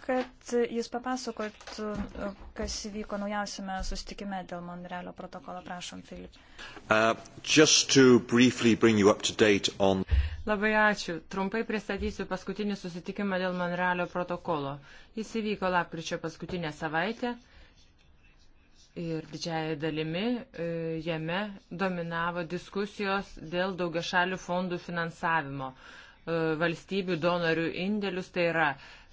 S1: kad jis papasakotų, kas įvyko naujausime sustikime dėl Monrealio protokolo. Prašom, Filip.
S3: Uh, on...
S1: Labai ačiū.
S3: Trumpai pristatysiu paskutinį susitikimą dėl Monrealio protokolo. Jis įvyko lapkričio paskutinę savaitę ir didžiaja dalimi e, jame dominavo diskusijos dėl daugiašalių fondų finansavimo. E, valstybių donorių indėlius, tai yra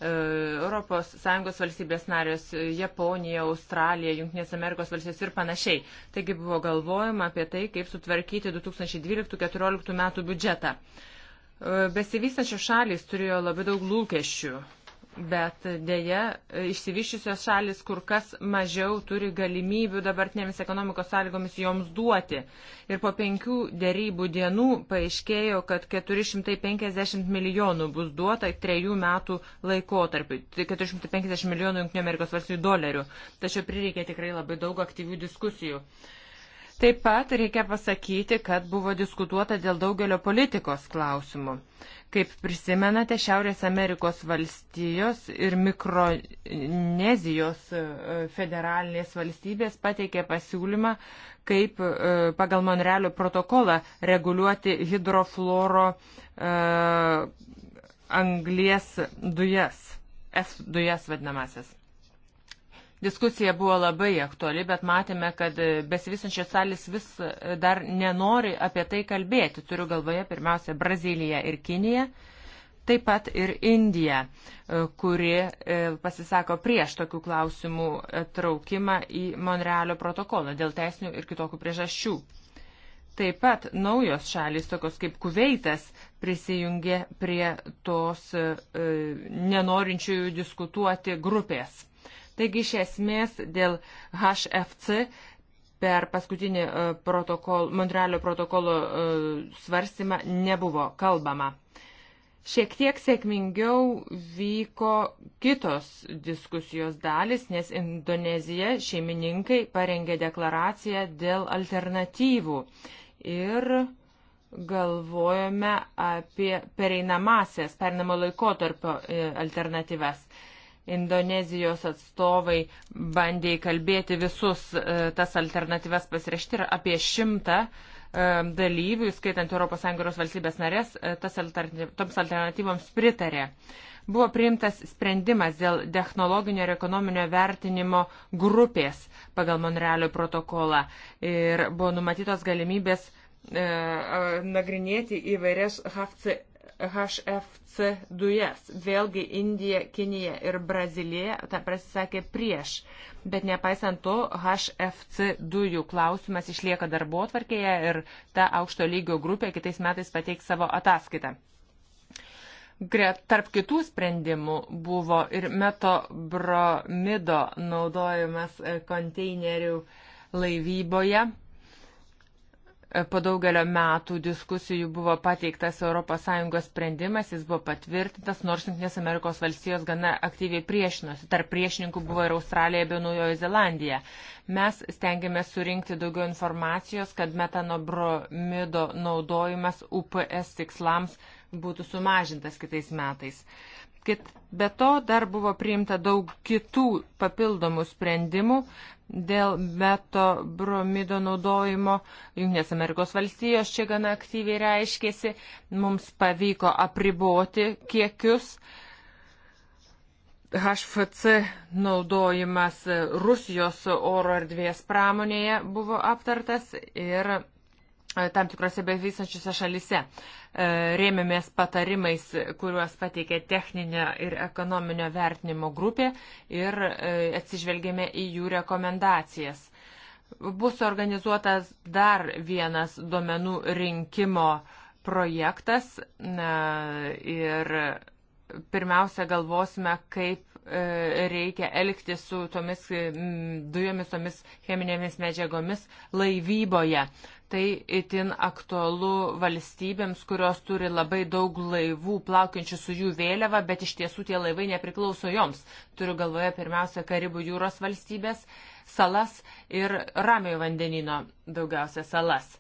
S3: ES valstybės narės, e, Japonija, Australija, Junktinės Amerikos valstybės ir panašiai. Taigi buvo galvojama apie tai, kaip sutvarkyti 2012-2014 metų biudžetą. E, besivystančios šalys turėjo labai daug lūkesčių bet dėja e, išsivyščiusios šalis kur kas mažiau turi galimybių dabartinėmis ekonomikos sąlygomis joms duoti. Ir po penkių dėrybų dienų paaiškėjo, kad 450 milijonų bus duota trejų metų laikotarpiu, 450 tai milijonų JAV dolerių. Tačiau prireikė tikrai labai daug aktyvių diskusijų. Uh, Taip pat reikia pasakyti, kad buvo diskutuota dėl daugelio politikos klausimų. Kaip prisimenate, Šiaurės Amerikos valstijos ir Mikronezijos e, federalinės valstybės pateikė pasiūlymą, kaip e, pagal Monrealio protokolą reguliuoti hidrofloro e, anglies dujas, F dujas vadinamasis. Diskusija buvo labai aktuali, bet matėme, kad besivysančios šalis vis dar nenori apie tai kalbėti. Turiu galvoje pirmiausia Braziliją ir Kiniją, taip pat ir Indiją, kuri e, pasisako prieš tokių klausimų traukimą į Monrealio protokolą dėl teisinių ir kitokių priežasčių. Taip pat naujos šalis, tokios kaip Kuveitas, prisijungė prie tos e, nenorinčiųjų diskutuoti grupės Taigi iš esmės dėl HFC per paskutinį e, protokol, Montrealio protokolo e, svarstymą nebuvo kalbama. Šiek tiek sėkmingiau vyko kitos diskusijos dalis, nes Indonezija šeimininkai parengė deklaraciją dėl alternatyvų ir galvojome apie pereinamasias, pereinamo laikotarpio e, alternatyves. Indonezijos atstovai bandė įkalbėti visus e, tas alternatyvas pasirašyti ir apie šimtą e, dalyvių, skaitant ES valstybės narės, e, alternatyv, toms alternatyvoms pritarė. Buvo priimtas sprendimas dėl technologinio ir ekonominio vertinimo grupės pagal Monrealio protokolą ir buvo numatytos galimybės e, nagrinėti įvairias HFC HFC dujas. Vėlgi Indija, Kinija ir Brazilija tą pasisakė prieš. Bet nepaisant to, HFC dujų klausimas išlieka darbo atvarkėje ir ta aukšto lygio grupė kitais metais pateiks savo ataskaitą. Gret, tarp kitų sprendimų buvo ir metobromido naudojimas konteinerių laivyboje Po daugelio metų diskusijų buvo pateiktas ES sprendimas, jis buvo patvirtintas, nors Junktinės Amerikos valstijos gana aktyviai priešinosi. Tarp priešininkų buvo ir Australija bei Naujojo Zelandija. Mes stengiamės surinkti daugiau informacijos, kad metanobromido naudojimas UPS tikslams būtų sumažintas kitais metais. Uh, Kit, be to dar buvo priimta daug kitų papildomų sprendimų dėl meto bromido naudojimo. Junktinės Amerikos valstijos čia gana aktyviai reiškėsi. Mums pavyko apriboti kiekius. HFC naudojimas Rusijos oro erdvės pramonėje buvo aptartas ir E, tam tikrose bevysančiose šalise. E, rėmėmės patarimais, kuriuos pateikė techninio ir ekonominio vertinimo grupė ir e, atsižvelgėme į jų rekomendacijas. Bus organizuotas dar vienas duomenų rinkimo projektas ir pirmiausia galvosime, kaip reikia elgti su tomis dujomis, tomis cheminėmis medžiagomis laivyboje, Tai itin aktualu valstybėms, kurios turi labai daug laivų plaukiančių su jų vėliava, bet iš tiesų tie laivai nepriklauso joms. Turiu galvoje pirmiausia Karibų jūros valstybės, salas ir Ramiojo vandenino daugiausia salas.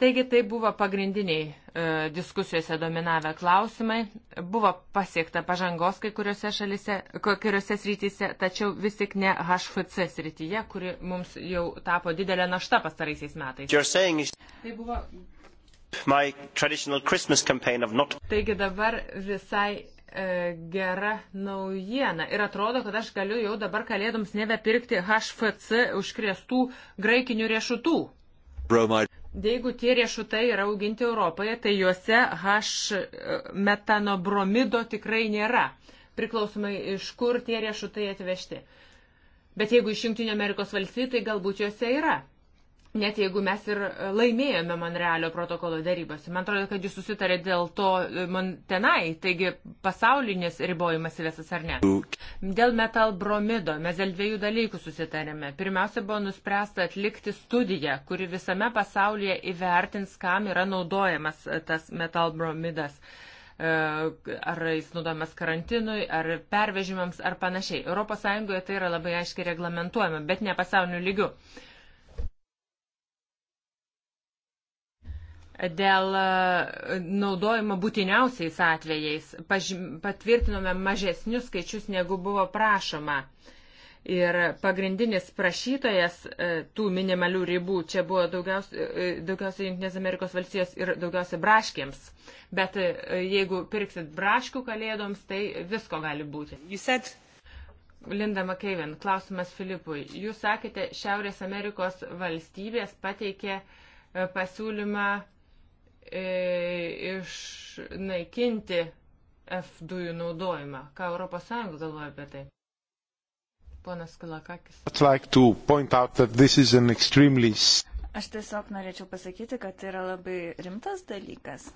S3: Taigi tai buvo pagrindiniai e, diskusijose dominavę klausimai. Buvo pasiekta pažangos kai kuriuose šalise, kai kuriuose srityse, tačiau vis tik ne HFC srityje, kuri mums jau tapo didelė našta pastaraisiais metais. Saying... Tai buvo... Not... Taigi dabar visai e, gera naujiena. Ir atrodo, kad aš galiu jau dabar kalėdoms nebepirkti HFC užkrėstų graikinių riešutų. Bromide. Jeigu tie riešutai yra auginti Europoje, tai juose H metanobromido tikrai nėra, priklausomai iš kur tie riešutai atvežti. Bet jeigu iš Junktinio Amerikos valstybių, tai galbūt juose yra net jeigu mes ir e, laimėjome Monrealio protokolo darybas. Man atrodo, kad jūs susitarė dėl to e, man tenai, taigi pasaulinis ribojimas įvesas ar ne. Dėl metalbromido mes dėl dviejų dalykų susitarėme. Pirmiausia, buvo nuspręsta atlikti studiją, kuri visame pasaulyje įvertins, kam yra naudojamas e, tas metalbromidas ar jis naudojamas karantinui, ar pervežimams, ar panašiai. ES tai yra labai aiškiai reglamentuojama, bet ne pasauliniu lygiu. dėl e, naudojimo būtiniausiais atvejais. Patvirtinome mažesnius skaičius, negu buvo prašoma. Ir pagrindinis prašytojas e, tų minimalių ribų čia buvo daugiausia, e, daugiausia Junktinės Amerikos valstijos ir daugiausia braškėms. Bet jeigu pirksit braškių kalėdoms, tai visko gali būti. Said... Linda McKeven, klausimas Filipui. Jūs sakėte, Šiaurės Amerikos valstybės pateikė pasiūlymą E, išnaikinti F dujų naudojimą. Ką ES galvoja apie tai?
S1: Ponas Kilakakis. Aš tiesiog norėčiau pasakyti, kad tai yra labai rimtas dalykas.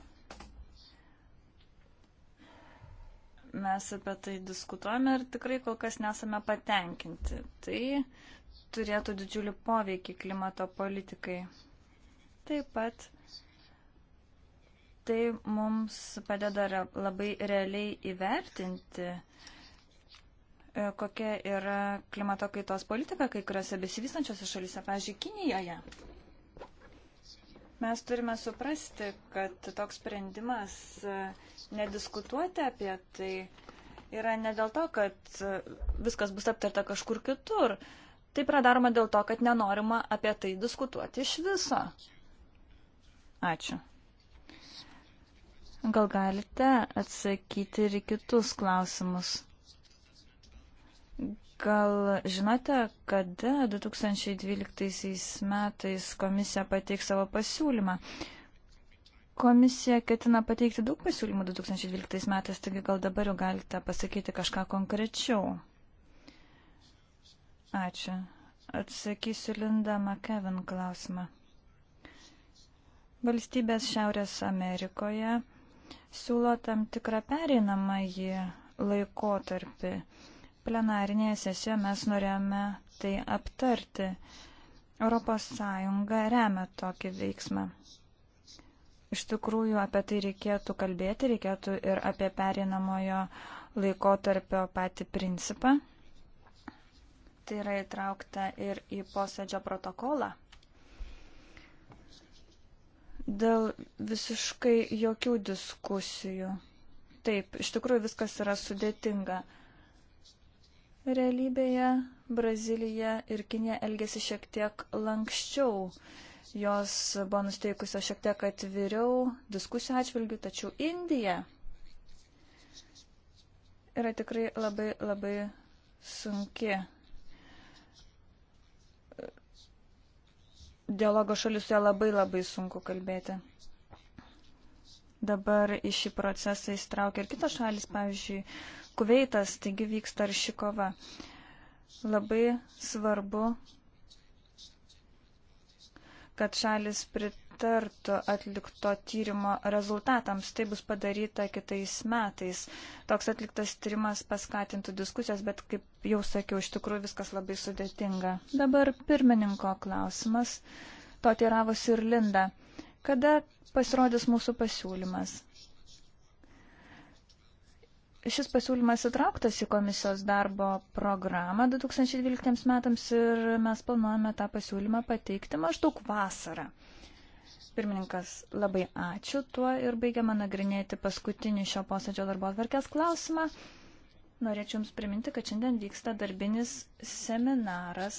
S1: Mes apie tai diskutuojame ir tikrai kol kas nesame patenkinti. Tai turėtų didžiulį poveikį klimato politikai. Taip pat Tai mums padeda labai realiai įvertinti, e, kokia yra klimato kaitos politika kai kuriuose besivystančiose šalyse, pavyzdžiui, Kinijoje. Mes turime suprasti, kad toks sprendimas e, nediskutuoti apie tai yra ne dėl to, kad e, viskas bus aptarta kažkur kitur. Taip yra daroma dėl to, kad nenorima apie tai diskutuoti iš viso. Ačiū. Gal galite atsakyti ir kitus klausimus? Gal žinote, kada 2012 metais komisija pateiks savo pasiūlymą? Komisija ketina pateikti daug pasiūlymų 2012 metais, taigi gal dabar jau galite pasakyti kažką konkrečiau. Ačiū. Atsakysiu Linda McKevin klausimą. Valstybės Šiaurės Amerikoje siūlo tam tikrą pereinamąjį laikotarpį. Plenarinėje sesijoje mes norėjome tai aptarti. ES remia tokį veiksmą. Iš tikrųjų, apie tai reikėtų kalbėti, reikėtų ir apie pereinamojo laikotarpio patį principą. Tai yra įtraukta ir į posėdžio protokolą dėl visiškai jokių diskusijų. Taip, iš tikrųjų viskas yra sudėtinga. Realybėje Brazilija ir Kinė elgėsi šiek tiek lankščiau. Jos buvo nusteikusios šiek tiek atviriau diskusijų atžvilgių, tačiau Indija yra tikrai labai labai sunki. dialogo šalise labai labai sunku kalbėti. Dabar į šį procesą įstraukia ir kitos šalis, pavyzdžiui, Kuveitas, taigi vyksta ir ši kova. Labai svarbu, kad šalis prit pritartų atlikto tyrimo rezultatams. Tai bus padaryta kitais metais. Toks atliktas tyrimas paskatintų diskusijas, bet kaip jau sakiau, iš tikrųjų viskas labai sudėtinga. Dabar pirmininko klausimas. To teiravosi ir Linda. Kada pasirodys mūsų pasiūlymas? šis pasiūlymas įtrauktas į komisijos darbo programą 2012 metams ir mes planuojame tą pasiūlymą pateikti maždaug vasarą. Pirmininkas, labai ačiū. Tuo ir baigiama nagrinėti paskutinį šio posėdžio darbo atvarkės klausimą. Norėčiau Jums priminti, kad šiandien vyksta darbinis seminaras.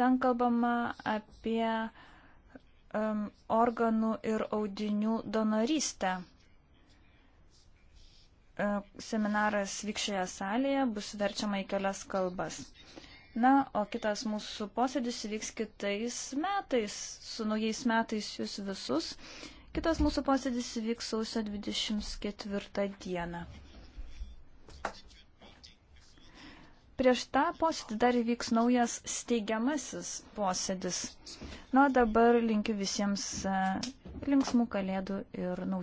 S1: Ten kalbama apie um, organų ir audinių donorystę. Uh, seminaras vykščioje salėje bus verčiama į kelias kalbas. Na, o kitas mūsų posėdis vyks kitais metais, su naujais metais jūs visus. Kitas mūsų posėdis vyks sausio 24 dieną. Prieš tą posėdį dar įvyks naujas steigiamasis posėdis. Na, nu, dabar linkiu visiems e, linksmų kalėdų ir naujų.